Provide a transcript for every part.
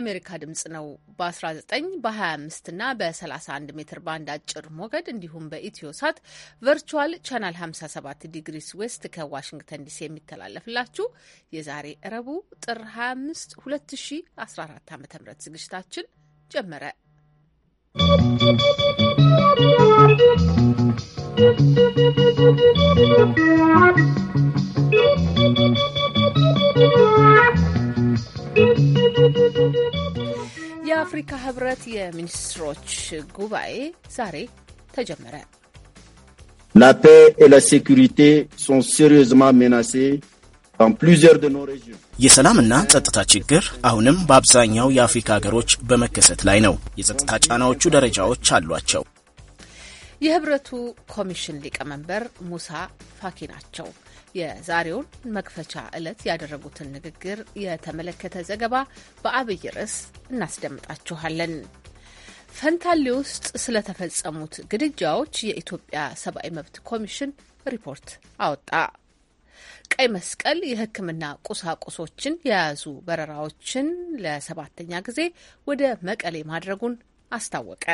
የአሜሪካ ድምጽ ነው። በ19 በ25 እና በ31 ሜትር ባንድ አጭር ሞገድ እንዲሁም በኢትዮ ሳት ቨርቹዋል ቻናል 57 ዲግሪስ ዌስት ከዋሽንግተን ዲሲ የሚተላለፍላችሁ የዛሬ እረቡ ጥር 25 2014 ዓ ም ዝግጅታችን ጀመረ። ¶¶ የአፍሪካ ህብረት የሚኒስትሮች ጉባኤ ዛሬ ተጀመረ። ላ ፔ ኤ ላ ሴኩሪቴ ሶን ሴሪየዝማ ሜናሴ የሰላምና ጸጥታ ችግር አሁንም በአብዛኛው የአፍሪካ ሀገሮች በመከሰት ላይ ነው። የጸጥታ ጫናዎቹ ደረጃዎች አሏቸው። የህብረቱ ኮሚሽን ሊቀመንበር ሙሳ ፋኪ ናቸው። የዛሬውን መክፈቻ ዕለት ያደረጉትን ንግግር የተመለከተ ዘገባ በአብይ ርዕስ እናስደምጣችኋለን። ፈንታሌ ውስጥ ስለተፈጸሙት ግድያዎች የኢትዮጵያ ሰብአዊ መብት ኮሚሽን ሪፖርት አወጣ። ቀይ መስቀል የሕክምና ቁሳቁሶችን የያዙ በረራዎችን ለሰባተኛ ጊዜ ወደ መቀሌ ማድረጉን አስታወቀ።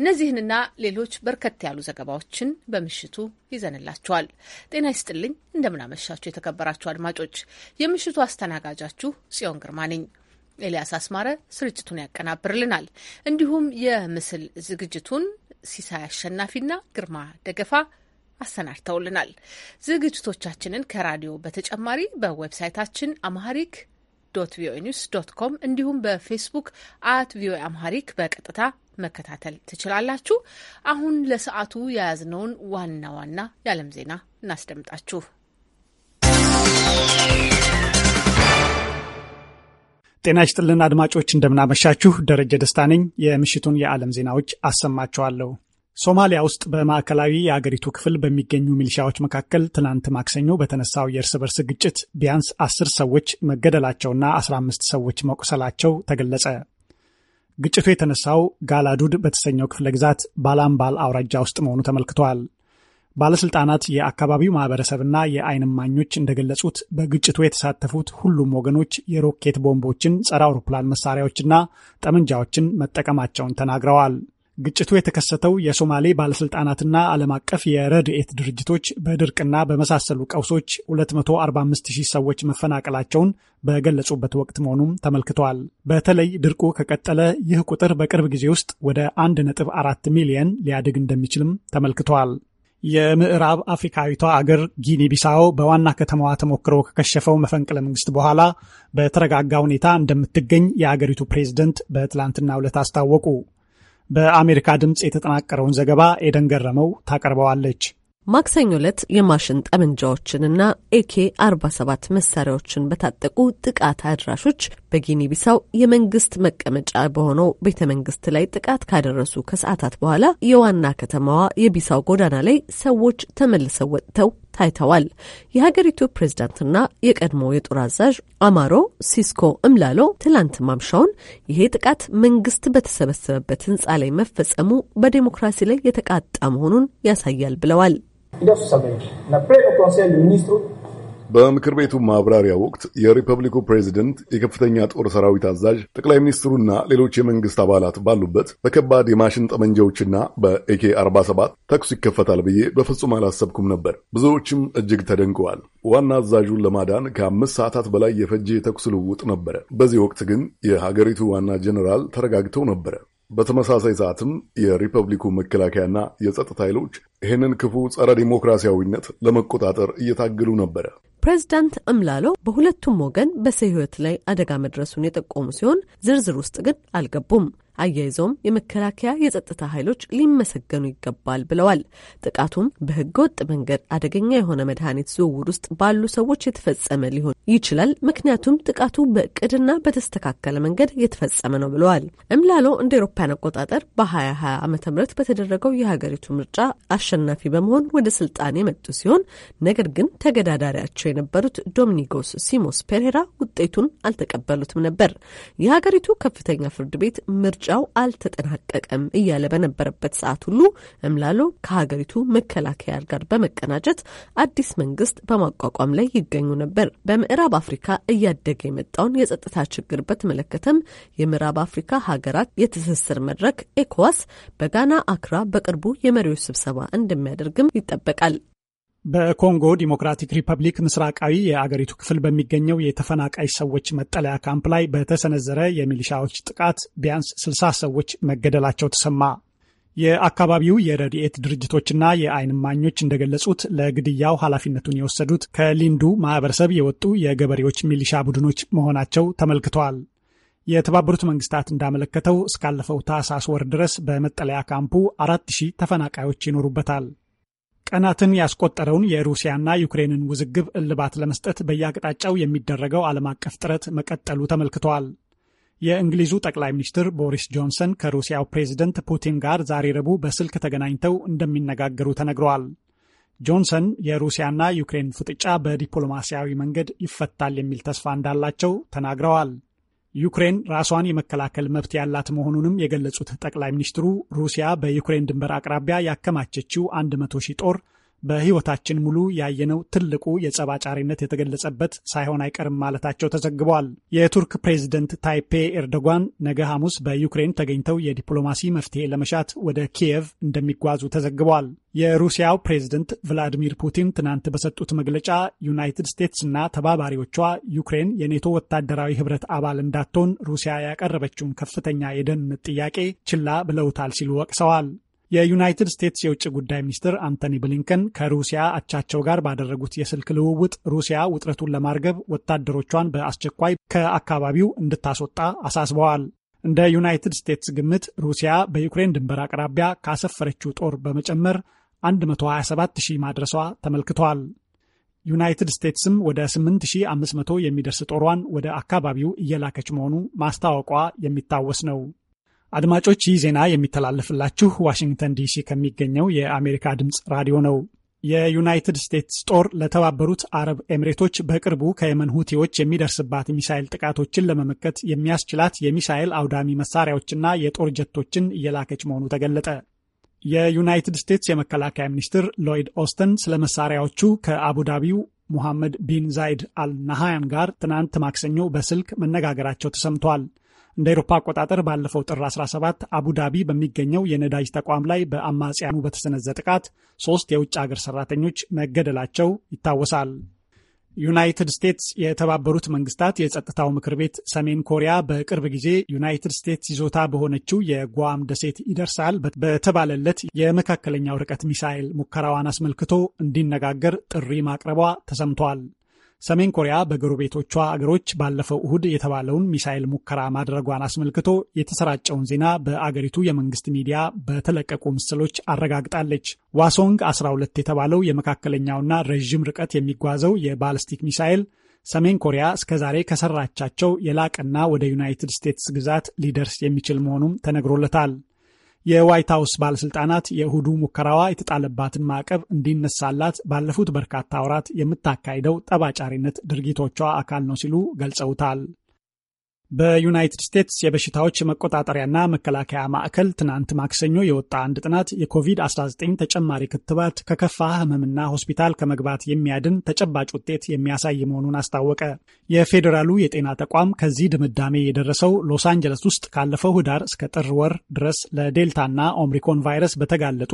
እነዚህንና ሌሎች በርከት ያሉ ዘገባዎችን በምሽቱ ይዘንላችኋል። ጤና ይስጥልኝ፣ እንደምናመሻችሁ የተከበራችሁ አድማጮች፣ የምሽቱ አስተናጋጃችሁ ጽዮን ግርማ ነኝ። ኤልያስ አስማረ ስርጭቱን ያቀናብርልናል። እንዲሁም የምስል ዝግጅቱን ሲሳይ አሸናፊና ግርማ ደገፋ አሰናድተውልናል። ዝግጅቶቻችንን ከራዲዮ በተጨማሪ በዌብሳይታችን አማሪክ ዶት ቪኦኤ ኒውስ ዶት ኮም እንዲሁም በፌስቡክ አት ቪኦኤ አማሪክ በቀጥታ መከታተል ትችላላችሁ። አሁን ለሰዓቱ የያዝነውን ዋና ዋና የዓለም ዜና እናስደምጣችሁ። ጤና ይስጥልን አድማጮች፣ እንደምናመሻችሁ። ደረጀ ደስታ ነኝ። የምሽቱን የዓለም ዜናዎች አሰማችኋለሁ። ሶማሊያ ውስጥ በማዕከላዊ የአገሪቱ ክፍል በሚገኙ ሚሊሻዎች መካከል ትናንት ማክሰኞ በተነሳው የእርስ በርስ ግጭት ቢያንስ አስር ሰዎች መገደላቸውና አምስት ሰዎች መቁሰላቸው ተገለጸ። ግጭቱ የተነሳው ጋላዱድ በተሰኘው ክፍለ ግዛት ባላምባል አውራጃ ውስጥ መሆኑ ተመልክቷል። ባለስልጣናት የአካባቢው ማህበረሰብና የአይን እማኞች እንደገለጹት በግጭቱ የተሳተፉት ሁሉም ወገኖች የሮኬት ቦምቦችን፣ ጸረ አውሮፕላን መሳሪያዎችና ጠመንጃዎችን መጠቀማቸውን ተናግረዋል። ግጭቱ የተከሰተው የሶማሌ ባለስልጣናትና ዓለም አቀፍ የረድኤት ድርጅቶች በድርቅና በመሳሰሉ ቀውሶች 245000 ሰዎች መፈናቀላቸውን በገለጹበት ወቅት መሆኑም ተመልክተዋል። በተለይ ድርቁ ከቀጠለ ይህ ቁጥር በቅርብ ጊዜ ውስጥ ወደ 1.4 ሚሊየን ሊያድግ እንደሚችልም ተመልክተዋል። የምዕራብ አፍሪካዊቷ አገር ጊኒ ቢሳው በዋና ከተማዋ ተሞክሮ ከከሸፈው መፈንቅለ መንግስት በኋላ በተረጋጋ ሁኔታ እንደምትገኝ የአገሪቱ ፕሬዝደንት በትላንትናው ዕለት አስታወቁ። በአሜሪካ ድምፅ የተጠናቀረውን ዘገባ ኤደን ገረመው ታቀርበዋለች። ማክሰኞ ዕለት የማሽን ጠመንጃዎችንና ኤኬ 47 መሳሪያዎችን በታጠቁ ጥቃት አድራሾች በጊኒ ቢሳው የመንግስት መቀመጫ በሆነው ቤተ መንግስት ላይ ጥቃት ካደረሱ ከሰዓታት በኋላ የዋና ከተማዋ የቢሳው ጎዳና ላይ ሰዎች ተመልሰው ወጥተው ታይተዋል። የሀገሪቱ ፕሬዝዳንትና የቀድሞ የጦር አዛዥ አማሮ ሲስኮ እምላሎ ትላንት ማምሻውን ይሄ ጥቃት መንግስት በተሰበሰበበት ህንጻ ላይ መፈጸሙ በዴሞክራሲ ላይ የተቃጣ መሆኑን ያሳያል ብለዋል። በምክር ቤቱ ማብራሪያ ወቅት የሪፐብሊኩ ፕሬዚደንት የከፍተኛ ጦር ሰራዊት አዛዥ ጠቅላይ ሚኒስትሩና ሌሎች የመንግስት አባላት ባሉበት በከባድ የማሽን ጠመንጃዎችና በኤኬ 47 ተኩስ ይከፈታል ብዬ በፍጹም አላሰብኩም ነበር። ብዙዎችም እጅግ ተደንቀዋል። ዋና አዛዡን ለማዳን ከአምስት ሰዓታት በላይ የፈጀ የተኩስ ልውውጥ ነበረ። በዚህ ወቅት ግን የሀገሪቱ ዋና ጀኔራል ተረጋግተው ነበረ። በተመሳሳይ ሰዓትም የሪፐብሊኩ መከላከያና የጸጥታ ኃይሎች ይህንን ክፉ ጸረ ዲሞክራሲያዊነት ለመቆጣጠር እየታገሉ ነበረ። ፕሬዚዳንት እምላሎ በሁለቱም ወገን በሰው ላይ አደጋ መድረሱን የጠቆሙ ሲሆን ዝርዝር ውስጥ ግን አልገቡም። አያይዘውም የመከላከያ የጸጥታ ኃይሎች ሊመሰገኑ ይገባል ብለዋል። ጥቃቱም በህገ ወጥ መንገድ አደገኛ የሆነ መድኃኒት ዝውውር ውስጥ ባሉ ሰዎች የተፈጸመ ሊሆን ይችላል፣ ምክንያቱም ጥቃቱ በእቅድና በተስተካከለ መንገድ የተፈጸመ ነው ብለዋል። እምላሎ እንደ ኤሮፓያን አቆጣጠር በ2020 ዓ ም በተደረገው የሀገሪቱ ምርጫ አሸናፊ በመሆን ወደ ስልጣን የመጡ ሲሆን ነገር ግን ተገዳዳሪያቸው የነበሩት ዶሚኒጎስ ሲሞስ ፔሬራ ውጤቱን አልተቀበሉትም ነበር። የሀገሪቱ ከፍተኛ ፍርድ ቤት ምርጫው አልተጠናቀቀም እያለ በነበረበት ሰዓት ሁሉ እምላሎ ከሀገሪቱ መከላከያ ጋር በመቀናጀት አዲስ መንግስት በማቋቋም ላይ ይገኙ ነበር። በምዕራብ አፍሪካ እያደገ የመጣውን የጸጥታ ችግር በተመለከተም የምዕራብ አፍሪካ ሀገራት የትስስር መድረክ ኤኮዋስ በጋና አክራ በቅርቡ የመሪዎች ስብሰባ እንደሚያደርግም ይጠበቃል። በኮንጎ ዲሞክራቲክ ሪፐብሊክ ምስራቃዊ የአገሪቱ ክፍል በሚገኘው የተፈናቃይ ሰዎች መጠለያ ካምፕ ላይ በተሰነዘረ የሚሊሻዎች ጥቃት ቢያንስ ስልሳ ሰዎች መገደላቸው ተሰማ። የአካባቢው የረድኤት ድርጅቶችና የአይን ማኞች እንደገለጹት ለግድያው ኃላፊነቱን የወሰዱት ከሊንዱ ማህበረሰብ የወጡ የገበሬዎች ሚሊሻ ቡድኖች መሆናቸው ተመልክተዋል። የተባበሩት መንግስታት እንዳመለከተው እስካለፈው ታህሳስ ወር ድረስ በመጠለያ ካምፑ አራት ሺህ ተፈናቃዮች ይኖሩበታል። ቀናትን ያስቆጠረውን የሩሲያና ዩክሬንን ውዝግብ እልባት ለመስጠት በየአቅጣጫው የሚደረገው ዓለም አቀፍ ጥረት መቀጠሉ ተመልክተዋል። የእንግሊዙ ጠቅላይ ሚኒስትር ቦሪስ ጆንሰን ከሩሲያው ፕሬዝደንት ፑቲን ጋር ዛሬ ረቡዕ በስልክ ተገናኝተው እንደሚነጋገሩ ተነግረዋል። ጆንሰን የሩሲያና ዩክሬን ፍጥጫ በዲፕሎማሲያዊ መንገድ ይፈታል የሚል ተስፋ እንዳላቸው ተናግረዋል። ዩክሬን ራሷን የመከላከል መብት ያላት መሆኑንም የገለጹት ጠቅላይ ሚኒስትሩ ሩሲያ በዩክሬን ድንበር አቅራቢያ ያከማቸችው 100 ሺህ ጦር በሕይወታችን ሙሉ ያየነው ትልቁ የጸብ አጫሪነት የተገለጸበት ሳይሆን አይቀርም ማለታቸው ተዘግበዋል። የቱርክ ፕሬዚደንት ታይፔ ኤርዶጓን ነገ ሐሙስ በዩክሬን ተገኝተው የዲፕሎማሲ መፍትሄ ለመሻት ወደ ኪየቭ እንደሚጓዙ ተዘግበዋል። የሩሲያው ፕሬዝደንት ቭላዲሚር ፑቲን ትናንት በሰጡት መግለጫ ዩናይትድ እና ተባባሪዎቿ ዩክሬን የኔቶ ወታደራዊ ህብረት አባል እንዳትሆን ሩሲያ ያቀረበችውን ከፍተኛ የደህንነት ጥያቄ ችላ ብለውታል ሲሉ ወቅሰዋል። የዩናይትድ ስቴትስ የውጭ ጉዳይ ሚኒስትር አንቶኒ ብሊንከን ከሩሲያ አቻቸው ጋር ባደረጉት የስልክ ልውውጥ ሩሲያ ውጥረቱን ለማርገብ ወታደሮቿን በአስቸኳይ ከአካባቢው እንድታስወጣ አሳስበዋል። እንደ ዩናይትድ ስቴትስ ግምት ሩሲያ በዩክሬን ድንበር አቅራቢያ ካሰፈረችው ጦር በመጨመር 127,000 ሺህ ማድረሷ ተመልክቷል። ዩናይትድ ስቴትስም ወደ 8500 የሚደርስ ጦሯን ወደ አካባቢው እየላከች መሆኑ ማስታወቋ የሚታወስ ነው። አድማጮች ይህ ዜና የሚተላለፍላችሁ ዋሽንግተን ዲሲ ከሚገኘው የአሜሪካ ድምፅ ራዲዮ ነው። የዩናይትድ ስቴትስ ጦር ለተባበሩት አረብ ኤምሬቶች በቅርቡ ከየመን ሁቲዎች የሚደርስባት ሚሳይል ጥቃቶችን ለመመከት የሚያስችላት የሚሳይል አውዳሚ መሳሪያዎችና የጦር ጀቶችን እየላከች መሆኑ ተገለጠ። የዩናይትድ ስቴትስ የመከላከያ ሚኒስትር ሎይድ ኦስተን ስለ መሳሪያዎቹ ከአቡዳቢው ሙሐመድ ቢን ዛይድ አልናሃያን ጋር ትናንት ማክሰኞ በስልክ መነጋገራቸው ተሰምቷል። እንደ ኤሮፓ አቆጣጠር ባለፈው ጥር 17 ዳቢ በሚገኘው የነዳጅ ተቋም ላይ በአማጽያኑ በተሰነዘ ጥቃት ሶስት የውጭ አገር ሰራተኞች መገደላቸው ይታወሳል። ዩናይትድ ስቴትስ የተባበሩት መንግስታት የጸጥታው ምክር ቤት ሰሜን ኮሪያ በቅርብ ጊዜ ዩናይትድ ስቴትስ ይዞታ በሆነችው የጓም ደሴት ይደርሳል በተባለለት የመካከለኛው ርቀት ሚሳይል ሙከራዋን አስመልክቶ እንዲነጋገር ጥሪ ማቅረቧ ተሰምቷል። ሰሜን ኮሪያ በጎረቤቶቿ አገሮች ባለፈው እሁድ የተባለውን ሚሳይል ሙከራ ማድረጓን አስመልክቶ የተሰራጨውን ዜና በአገሪቱ የመንግስት ሚዲያ በተለቀቁ ምስሎች አረጋግጣለች። ዋሶንግ 12 የተባለው የመካከለኛውና ረዥም ርቀት የሚጓዘው የባልስቲክ ሚሳይል ሰሜን ኮሪያ እስከዛሬ ከሰራቻቸው የላቀና ወደ ዩናይትድ ስቴትስ ግዛት ሊደርስ የሚችል መሆኑም ተነግሮለታል። የዋይት ሀውስ ባለሥልጣናት የእሁዱ ሙከራዋ የተጣለባትን ማዕቀብ እንዲነሳላት ባለፉት በርካታ ወራት የምታካሂደው ጠባጫሪነት ድርጊቶቿ አካል ነው ሲሉ ገልጸውታል። በዩናይትድ ስቴትስ የበሽታዎች መቆጣጠሪያና መከላከያ ማዕከል ትናንት ማክሰኞ የወጣ አንድ ጥናት የኮቪድ-19 ተጨማሪ ክትባት ከከፋ ሕመምና ሆስፒታል ከመግባት የሚያድን ተጨባጭ ውጤት የሚያሳይ መሆኑን አስታወቀ። የፌዴራሉ የጤና ተቋም ከዚህ ድምዳሜ የደረሰው ሎስ አንጀለስ ውስጥ ካለፈው ህዳር እስከ ጥር ወር ድረስ ለዴልታና ኦምሪኮን ቫይረስ በተጋለጡ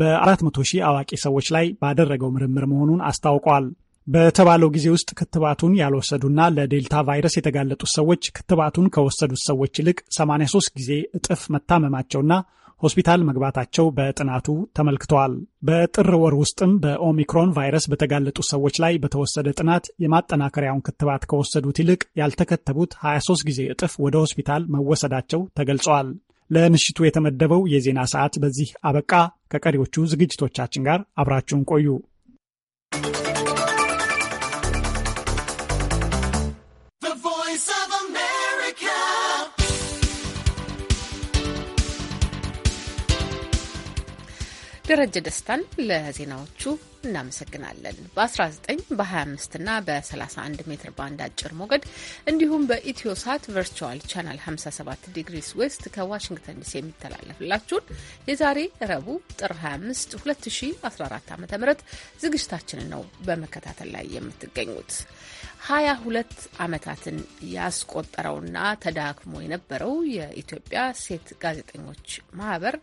በ400 ሺህ አዋቂ ሰዎች ላይ ባደረገው ምርምር መሆኑን አስታውቋል። በተባለው ጊዜ ውስጥ ክትባቱን ያልወሰዱና ለዴልታ ቫይረስ የተጋለጡት ሰዎች ክትባቱን ከወሰዱት ሰዎች ይልቅ 83 ጊዜ እጥፍ መታመማቸውና ሆስፒታል መግባታቸው በጥናቱ ተመልክተዋል። በጥር ወር ውስጥም በኦሚክሮን ቫይረስ በተጋለጡ ሰዎች ላይ በተወሰደ ጥናት የማጠናከሪያውን ክትባት ከወሰዱት ይልቅ ያልተከተቡት 23 ጊዜ እጥፍ ወደ ሆስፒታል መወሰዳቸው ተገልጸዋል። ለምሽቱ የተመደበው የዜና ሰዓት በዚህ አበቃ። ከቀሪዎቹ ዝግጅቶቻችን ጋር አብራችሁን ቆዩ። ደረጀ ደስታን ለዜናዎቹ እናመሰግናለን። በ19 በ25 እና በ31 ሜትር ባንድ አጭር ሞገድ እንዲሁም በኢትዮሳት ቨርቹዋል ቻናል 57 ዲግሪስ ዌስት ከዋሽንግተን ዲሲ የሚተላለፍላችሁን የዛሬ ረቡዕ ጥር 25 2014 ዓ ም ዝግጅታችንን ነው በመከታተል ላይ የምትገኙት። 22 ዓመታትን ያስቆጠረውና ተዳክሞ የነበረው የኢትዮጵያ ሴት ጋዜጠኞች ማህበር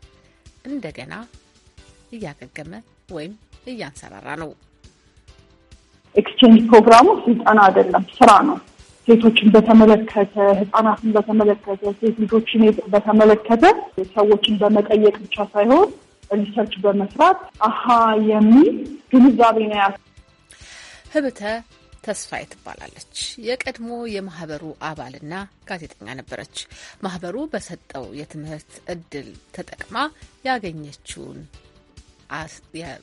እንደገና እያገገመ ወይም እያንሰራራ ነው። ኤክስቼንጅ ፕሮግራሙ ስልጠና አይደለም፣ ስራ ነው። ሴቶችን በተመለከተ ህጻናትን በተመለከተ ሴት ልጆችን በተመለከተ ሰዎችን በመጠየቅ ብቻ ሳይሆን ሪሰርች በመስራት አሀ የሚል ግንዛቤ ነው ያ ህብተ ተስፋዬ ትባላለች። የቀድሞ የማህበሩ አባልና ጋዜጠኛ ነበረች። ማህበሩ በሰጠው የትምህርት እድል ተጠቅማ ያገኘችውን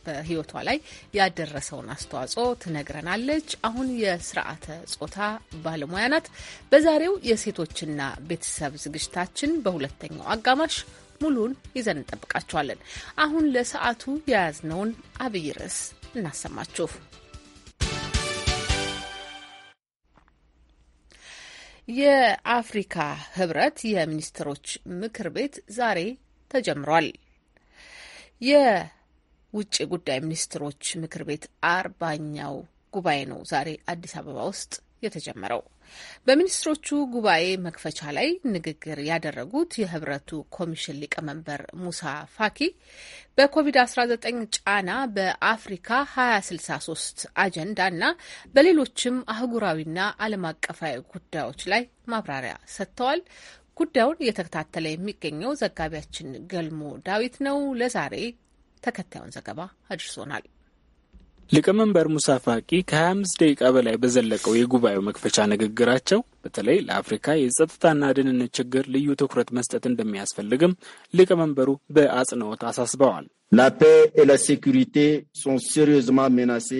በህይወቷ ላይ ያደረሰውን አስተዋጽኦ ትነግረናለች። አሁን የስርዓተ ጾታ ባለሙያ ናት። በዛሬው የሴቶችና ቤተሰብ ዝግጅታችን በሁለተኛው አጋማሽ ሙሉን ይዘን እንጠብቃችኋለን። አሁን ለሰዓቱ የያዝነውን አብይ ርዕስ እናሰማችሁ። የአፍሪካ ህብረት የሚኒስትሮች ምክር ቤት ዛሬ ተጀምሯል። ውጭ ጉዳይ ሚኒስትሮች ምክር ቤት አርባኛው ጉባኤ ነው ዛሬ አዲስ አበባ ውስጥ የተጀመረው። በሚኒስትሮቹ ጉባኤ መክፈቻ ላይ ንግግር ያደረጉት የህብረቱ ኮሚሽን ሊቀመንበር ሙሳ ፋኪ በኮቪድ-19 ጫና በአፍሪካ 2063 አጀንዳ እና በሌሎችም አህጉራዊና ዓለም አቀፋዊ ጉዳዮች ላይ ማብራሪያ ሰጥተዋል። ጉዳዩን እየተከታተለ የሚገኘው ዘጋቢያችን ገልሞ ዳዊት ነው። ለዛሬ ተከታዩን ዘገባ አድርሶናል። ሊቀመንበር ሙሳ ፋቂ ከ25 ደቂቃ በላይ በዘለቀው የጉባኤው መክፈቻ ንግግራቸው በተለይ ለአፍሪካ የጸጥታና ደህንነት ችግር ልዩ ትኩረት መስጠት እንደሚያስፈልግም ሊቀመንበሩ በአጽንኦት አሳስበዋል። ላፔ paix ላ ሴኩሪቴ ሶን ሴሪዮዝማ ሜናሴ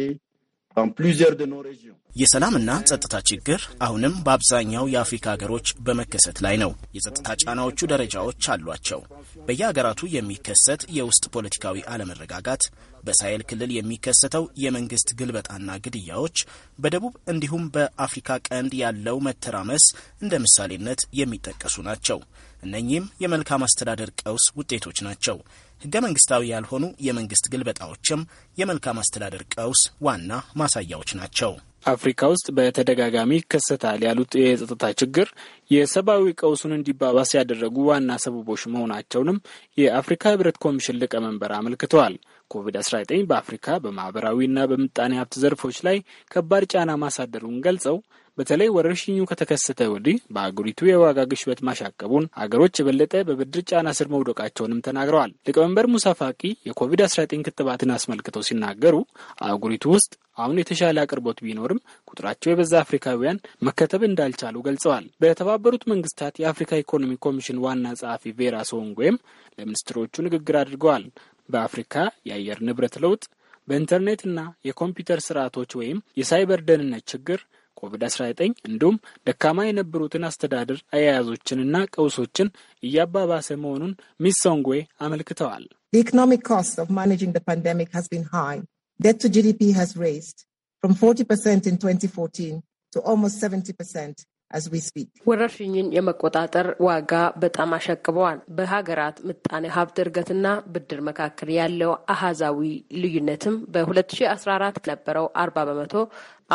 የሰላምና ጸጥታ ችግር አሁንም በአብዛኛው የአፍሪካ ሀገሮች በመከሰት ላይ ነው። የጸጥታ ጫናዎቹ ደረጃዎች አሏቸው። በየሀገራቱ የሚከሰት የውስጥ ፖለቲካዊ አለመረጋጋት፣ በሳሄል ክልል የሚከሰተው የመንግስት ግልበጣና ግድያዎች፣ በደቡብ እንዲሁም በአፍሪካ ቀንድ ያለው መተራመስ እንደ ምሳሌነት የሚጠቀሱ ናቸው። እነኚህም የመልካም አስተዳደር ቀውስ ውጤቶች ናቸው። ህገ መንግስታዊ ያልሆኑ የመንግስት ግልበጣዎችም የመልካም አስተዳደር ቀውስ ዋና ማሳያዎች ናቸው። አፍሪካ ውስጥ በተደጋጋሚ ይከሰታል ያሉት የጸጥታ ችግር የሰብአዊ ቀውሱን እንዲባባስ ያደረጉ ዋና ሰበቦች መሆናቸውንም የአፍሪካ ህብረት ኮሚሽን ሊቀመንበር አመልክተዋል። ኮቪድ-19 በአፍሪካ በማህበራዊና በምጣኔ ሀብት ዘርፎች ላይ ከባድ ጫና ማሳደሩን ገልጸው በተለይ ወረርሽኙ ከተከሰተ ወዲህ በአገሪቱ የዋጋ ግሽበት ማሻቀቡን፣ አገሮች የበለጠ በብድር ጫና ስር መውደቃቸውንም ተናግረዋል። ሊቀመንበር ሙሳ ፋቂ የኮቪድ-19 ክትባትን አስመልክተው ሲናገሩ አጉሪቱ ውስጥ አሁን የተሻለ አቅርቦት ቢኖርም ቁጥራቸው የበዛ አፍሪካውያን መከተብ እንዳልቻሉ ገልጸዋል። በተባበሩት መንግስታት የአፍሪካ ኢኮኖሚ ኮሚሽን ዋና ጸሐፊ ቬራ ሶንጎም ለሚኒስትሮቹ ንግግር አድርገዋል። በአፍሪካ የአየር ንብረት ለውጥ፣ በኢንተርኔትና የኮምፒውተር ስርዓቶች ወይም የሳይበር ደህንነት ችግር ኮቪድ-19 እንዲሁም ደካማ የነበሩትን አስተዳደር አያያዞችንና ቀውሶችን እያባባሰ መሆኑን ሚስ ሶንግዌ አመልክተዋል። ጂዲፒ has raised from 40% in 2014 to almost 70% ወረርሽኝን የመቆጣጠር ዋጋ በጣም አሻቅበዋል። በሀገራት ምጣኔ ሀብት እድገትና ብድር መካከል ያለው አሃዛዊ ልዩነትም በ2014 ነበረው 40 በመቶ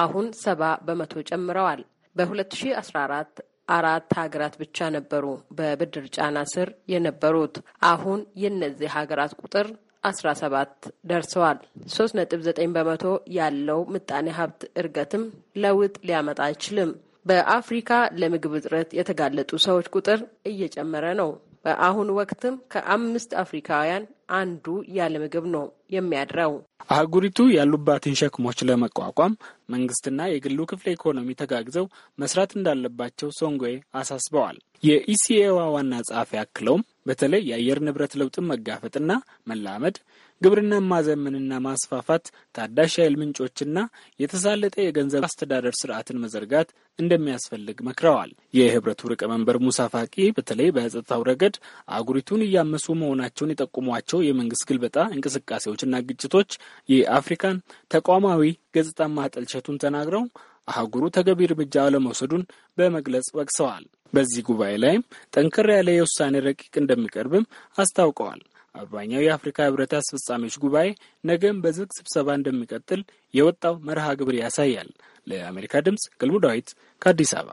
አሁን 70 በመቶ ጨምረዋል። በ2014 አራት ሀገራት ብቻ ነበሩ በብድር ጫና ስር የነበሩት። አሁን የእነዚህ ሀገራት ቁጥር 17 ደርሰዋል። 3.9 በመቶ ያለው ምጣኔ ሀብት እድገትም ለውጥ ሊያመጣ አይችልም። በአፍሪካ ለምግብ እጥረት የተጋለጡ ሰዎች ቁጥር እየጨመረ ነው። በአሁኑ ወቅትም ከአምስት አፍሪካውያን አንዱ ያለ ምግብ ነው የሚያድረው። አህጉሪቱ ያሉባትን ሸክሞች ለመቋቋም መንግስትና የግሉ ክፍለ ኢኮኖሚ ተጋግዘው መስራት እንዳለባቸው ሶንጎዬ አሳስበዋል። የኢሲኤዋ ዋና ጸሐፊ አክለውም በተለይ የአየር ንብረት ለውጥን መጋፈጥና መላመድ ግብርናን ማዘመንና ማስፋፋት፣ ታዳሽ ኃይል ምንጮችና የተሳለጠ የገንዘብ አስተዳደር ስርዓትን መዘርጋት እንደሚያስፈልግ መክረዋል። የህብረቱ ሊቀመንበር ሙሳ ፋቂ በተለይ በጸጥታው ረገድ አህጉሪቱን እያመሱ መሆናቸውን የጠቁሟቸው የመንግስት ግልበጣ እንቅስቃሴዎችና ግጭቶች የአፍሪካን ተቋማዊ ገጽታ ማጠልሸቱን ተናግረው አህጉሩ ተገቢ እርምጃ አለመውሰዱን በመግለጽ ወቅሰዋል። በዚህ ጉባኤ ላይም ጠንከር ያለ የውሳኔ ረቂቅ እንደሚቀርብም አስታውቀዋል። አርባኛው የአፍሪካ ህብረት አስፈጻሚዎች ጉባኤ ነገም በዝግ ስብሰባ እንደሚቀጥል የወጣው መርሃ ግብር ያሳያል። ለአሜሪካ ድምፅ ገልሙ ዳዊት ከአዲስ አበባ።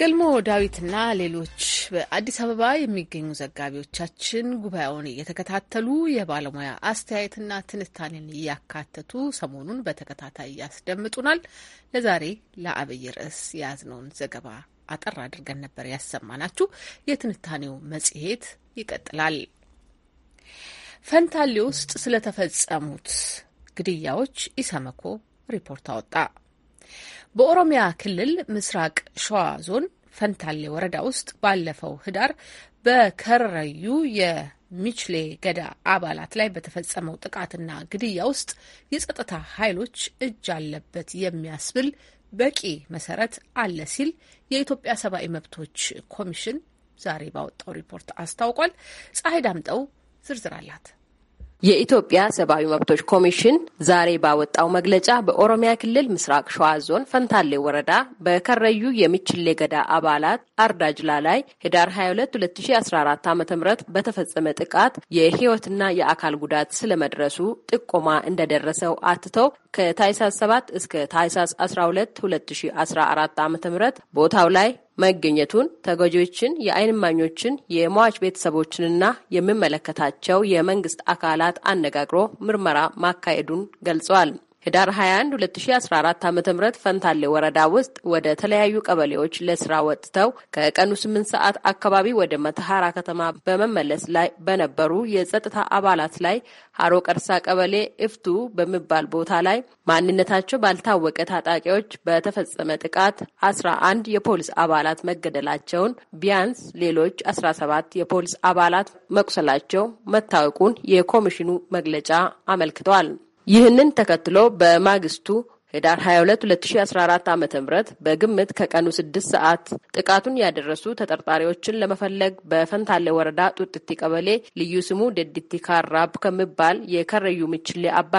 ገልሞ ዳዊትና ሌሎች በአዲስ አበባ የሚገኙ ዘጋቢዎቻችን ጉባኤውን እየተከታተሉ የባለሙያ አስተያየትና ትንታኔን እያካተቱ ሰሞኑን በተከታታይ ያስደምጡናል። ለዛሬ ለአብይ ርዕስ የያዝነውን ዘገባ አጠር አድርገን ነበር ያሰማናችሁ። የትንታኔው መጽሔት ይቀጥላል። ፈንታሌ ውስጥ ስለተፈጸሙት ግድያዎች ኢሰመኮ ሪፖርት አወጣ። በኦሮሚያ ክልል ምስራቅ ሸዋ ዞን ፈንታሌ ወረዳ ውስጥ ባለፈው ህዳር በከረዩ የሚችሌ ገዳ አባላት ላይ በተፈጸመው ጥቃትና ግድያ ውስጥ የጸጥታ ኃይሎች እጅ አለበት የሚያስብል በቂ መሰረት አለ ሲል የኢትዮጵያ ሰብአዊ መብቶች ኮሚሽን ዛሬ ባወጣው ሪፖርት አስታውቋል። ፀሐይ ዳምጠው ዝርዝር አላት። የኢትዮጵያ ሰብአዊ መብቶች ኮሚሽን ዛሬ ባወጣው መግለጫ በኦሮሚያ ክልል ምስራቅ ሸዋ ዞን ፈንታሌ ወረዳ በከረዩ የሚችሌ ገዳ አባላት አርዳጅላ ላይ ህዳር 22 2014 ዓ ም በተፈጸመ ጥቃት የህይወትና የአካል ጉዳት ስለመድረሱ ጥቆማ እንደደረሰው አትተው ከታይሳስ 7 እስከ ታይሳስ 12 2014 ዓ ም ቦታው ላይ መገኘቱን ተጎጂዎችን፣ የአይን ማኞችን፣ የሟች ቤተሰቦችንና የሚመለከታቸው የመንግስት አካላት አነጋግሮ ምርመራ ማካሄዱን ገልጸዋል። ህዳር 21 2014 ዓ ም ፈንታሌ ወረዳ ውስጥ ወደ ተለያዩ ቀበሌዎች ለስራ ወጥተው ከቀኑ 8 ሰዓት አካባቢ ወደ መተሐራ ከተማ በመመለስ ላይ በነበሩ የጸጥታ አባላት ላይ ሀሮ ቀርሳ ቀበሌ እፍቱ በሚባል ቦታ ላይ ማንነታቸው ባልታወቀ ታጣቂዎች በተፈጸመ ጥቃት 11 የፖሊስ አባላት መገደላቸውን ቢያንስ ሌሎች 17 የፖሊስ አባላት መቁሰላቸው መታወቁን የኮሚሽኑ መግለጫ አመልክቷል። ይህንን ተከትሎ በማግስቱ ህዳር 22 2014 ዓ ም በግምት ከቀኑ 6 ሰዓት ጥቃቱን ያደረሱ ተጠርጣሪዎችን ለመፈለግ በፈንታሌ ወረዳ ጡጥቲ ቀበሌ ልዩ ስሙ ደድቲ ካራብ ከሚባል የከረዩ ምችሌ አባ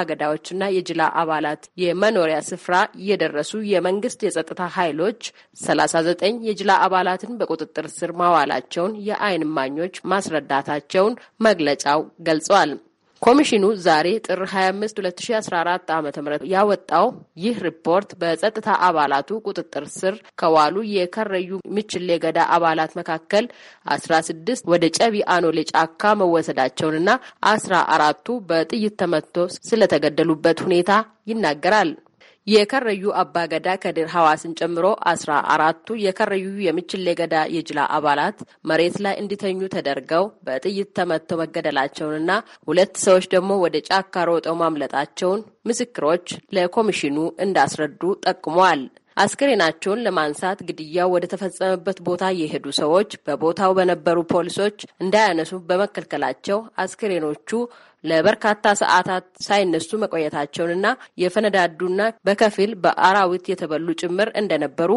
የጅላ አባላት የመኖሪያ ስፍራ የደረሱ የመንግስት የጸጥታ ኃይሎች 39 የጅላ አባላትን በቁጥጥር ስር ማዋላቸውን የአይን ማኞች ማስረዳታቸውን መግለጫው ገልጿል። ኮሚሽኑ ዛሬ ጥር 25 2014 ዓ ም ያወጣው ይህ ሪፖርት በጸጥታ አባላቱ ቁጥጥር ስር ከዋሉ የከረዩ ምችሌ ገዳ አባላት መካከል 16 ወደ ጨቢ አኖሌ ጫካ መወሰዳቸውንና አስራ አራቱ በጥይት ተመቶ ስለተገደሉበት ሁኔታ ይናገራል። የከረዩ አባ ገዳ ከድር ሐዋስን ጨምሮ አስራ አራቱ የከረዩ የምችሌ ገዳ የጅላ አባላት መሬት ላይ እንዲተኙ ተደርገው በጥይት ተመተው መገደላቸውንና ሁለት ሰዎች ደግሞ ወደ ጫካ ሮጠው ማምለጣቸውን ምስክሮች ለኮሚሽኑ እንዳስረዱ ጠቁመዋል። አስክሬናቸውን ለማንሳት ግድያው ወደ ተፈጸመበት ቦታ የሄዱ ሰዎች በቦታው በነበሩ ፖሊሶች እንዳያነሱ በመከልከላቸው አስክሬኖቹ ለበርካታ ሰዓታት ሳይነሱ መቆየታቸውንና የፈነዳዱና በከፊል በአራዊት የተበሉ ጭምር እንደነበሩ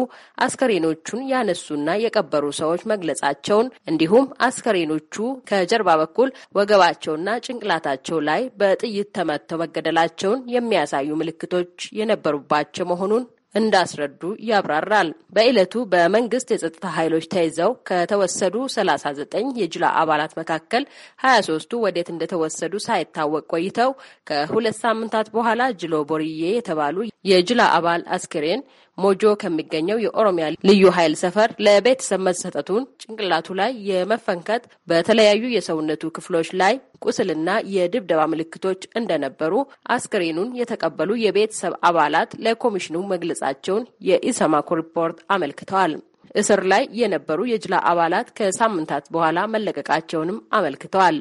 አስከሬኖቹን ያነሱና የቀበሩ ሰዎች መግለጻቸውን እንዲሁም አስከሬኖቹ ከጀርባ በኩል ወገባቸውና ጭንቅላታቸው ላይ በጥይት ተመተው መገደላቸውን የሚያሳዩ ምልክቶች የነበሩባቸው መሆኑን እንዳስረዱ ያብራራል። በዕለቱ በመንግስት የጸጥታ ኃይሎች ተይዘው ከተወሰዱ 39 የጅላ አባላት መካከል 23ቱ ወዴት እንደተወሰዱ ሳይታወቅ ቆይተው ከሁለት ሳምንታት በኋላ ጅሎ ቦርዬ የተባሉ የጅላ አባል አስክሬን ሞጆ ከሚገኘው የኦሮሚያ ልዩ ኃይል ሰፈር ለቤተሰብ መሰጠቱን ጭንቅላቱ ላይ የመፈንከት በተለያዩ የሰውነቱ ክፍሎች ላይ ቁስልና የድብደባ ምልክቶች እንደነበሩ አስክሬኑን የተቀበሉ የቤተሰብ አባላት ለኮሚሽኑ መግለጻቸውን የኢሰማኮ ሪፖርት አመልክተዋል። እስር ላይ የነበሩ የጅላ አባላት ከሳምንታት በኋላ መለቀቃቸውንም አመልክተዋል።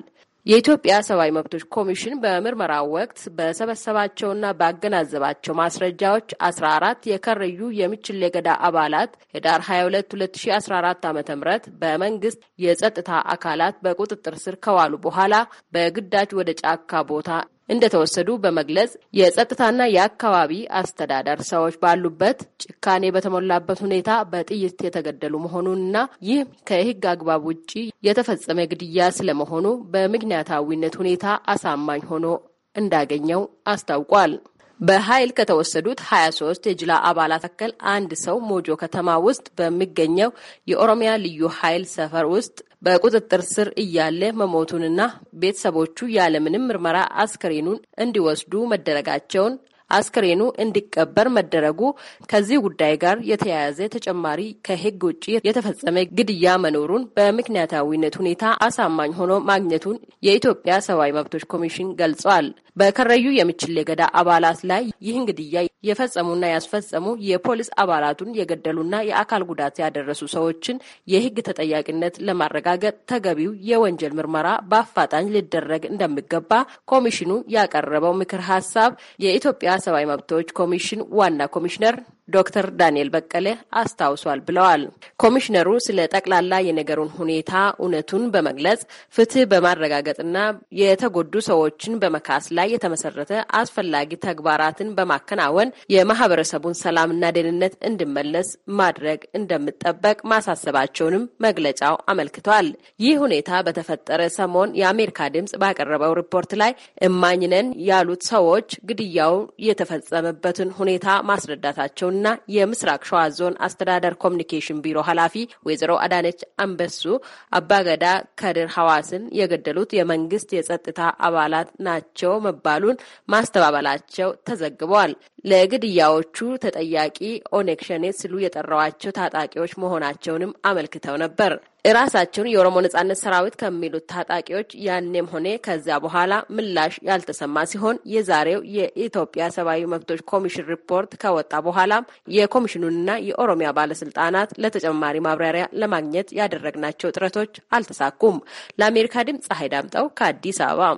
የኢትዮጵያ ሰብአዊ መብቶች ኮሚሽን በምርመራ ወቅት በሰበሰባቸውና ባገናዘባቸው ማስረጃዎች አስራ አራት የከረዩ የሚችል የገዳ አባላት ህዳር ሀያ ሁለት ሁለት ሺ አስራ አራት በመንግስት የጸጥታ አካላት በቁጥጥር ስር ከዋሉ በኋላ በግዳጅ ወደ ጫካ ቦታ እንደተወሰዱ በመግለጽ የጸጥታና የአካባቢ አስተዳደር ሰዎች ባሉበት ጭካኔ በተሞላበት ሁኔታ በጥይት የተገደሉ መሆኑንና ይህ ከህግ አግባብ ውጪ የተፈጸመ ግድያ ስለመሆኑ በምክንያታዊነት ሁኔታ አሳማኝ ሆኖ እንዳገኘው አስታውቋል። በኃይል ከተወሰዱት 23 የጅላ አባላት መካከል አንድ ሰው ሞጆ ከተማ ውስጥ በሚገኘው የኦሮሚያ ልዩ ኃይል ሰፈር ውስጥ በቁጥጥር ስር እያለ መሞቱንና ቤተሰቦቹ ያለምንም ምርመራ አስክሬኑን እንዲወስዱ መደረጋቸውን አስክሬኑ እንዲቀበር መደረጉ ከዚህ ጉዳይ ጋር የተያያዘ ተጨማሪ ከህግ ውጭ የተፈጸመ ግድያ መኖሩን በምክንያታዊነት ሁኔታ አሳማኝ ሆኖ ማግኘቱን የኢትዮጵያ ሰብአዊ መብቶች ኮሚሽን ገልጿል። በከረዩ የሚችል የገዳ አባላት ላይ ይህን ግድያ የፈጸሙና ያስፈጸሙ የፖሊስ አባላቱን የገደሉና የአካል ጉዳት ያደረሱ ሰዎችን የህግ ተጠያቂነት ለማረጋገጥ ተገቢው የወንጀል ምርመራ በአፋጣኝ ሊደረግ እንደሚገባ ኮሚሽኑ ያቀረበው ምክር ሀሳብ የኢትዮጵያ ሰብአዊ መብቶች ኮሚሽን ዋና ኮሚሽነር ዶክተር ዳንኤል በቀለ አስታውሷል ብለዋል። ኮሚሽነሩ ስለ ጠቅላላ የነገሩን ሁኔታ እውነቱን በመግለጽ ፍትህ በማረጋገጥና የተጎዱ ሰዎችን በመካስ ላይ የተመሰረተ አስፈላጊ ተግባራትን በማከናወን የማህበረሰቡን ሰላምና ደህንነት እንዲመለስ ማድረግ እንደሚጠበቅ ማሳሰባቸውንም መግለጫው አመልክቷል። ይህ ሁኔታ በተፈጠረ ሰሞን የአሜሪካ ድምጽ ባቀረበው ሪፖርት ላይ እማኝነን ያሉት ሰዎች ግድያው የተፈጸመበትን ሁኔታ ማስረዳታቸው። እና የምስራቅ ሸዋ ዞን አስተዳደር ኮሚኒኬሽን ቢሮ ኃላፊ ወይዘሮ አዳነች አንበሱ አባገዳ ከድር ሐዋስን የገደሉት የመንግስት የጸጥታ አባላት ናቸው መባሉን ማስተባበላቸው ተዘግበዋል። ለግድያዎቹ ተጠያቂ ኦነግ ሸኔ ሲሉ የጠራዋቸው ታጣቂዎች መሆናቸውንም አመልክተው ነበር። እራሳቸውን የኦሮሞ ነጻነት ሰራዊት ከሚሉት ታጣቂዎች ያኔም ሆነ ከዚያ በኋላ ምላሽ ያልተሰማ ሲሆን የዛሬው የኢትዮጵያ ሰብአዊ መብቶች ኮሚሽን ሪፖርት ከወጣ በኋላም የኮሚሽኑንና የኦሮሚያ ባለስልጣናት ለተጨማሪ ማብራሪያ ለማግኘት ያደረግናቸው ጥረቶች አልተሳኩም። ለአሜሪካ ድምፅ ፀሐይ ዳምጠው ከአዲስ አበባ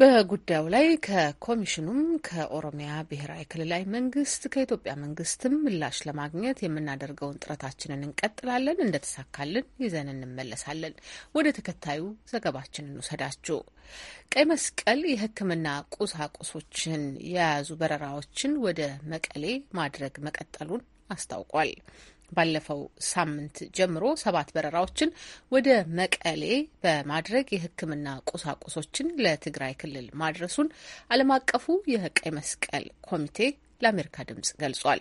በጉዳዩ ላይ ከኮሚሽኑም ከኦሮሚያ ብሔራዊ ክልላዊ መንግስት ከኢትዮጵያ መንግስትም ምላሽ ለማግኘት የምናደርገውን ጥረታችንን እንቀጥላለን። እንደተሳካልን ይዘን እንመለሳለን። ወደ ተከታዩ ዘገባችን እንውሰዳችሁ። ቀይ መስቀል የሕክምና ቁሳቁሶችን የያዙ በረራዎችን ወደ መቀሌ ማድረግ መቀጠሉን አስታውቋል። ባለፈው ሳምንት ጀምሮ ሰባት በረራዎችን ወደ መቀሌ በማድረግ የሕክምና ቁሳቁሶችን ለትግራይ ክልል ማድረሱን ዓለም አቀፉ የቀይ መስቀል ኮሚቴ ለአሜሪካ ድምጽ ገልጿል።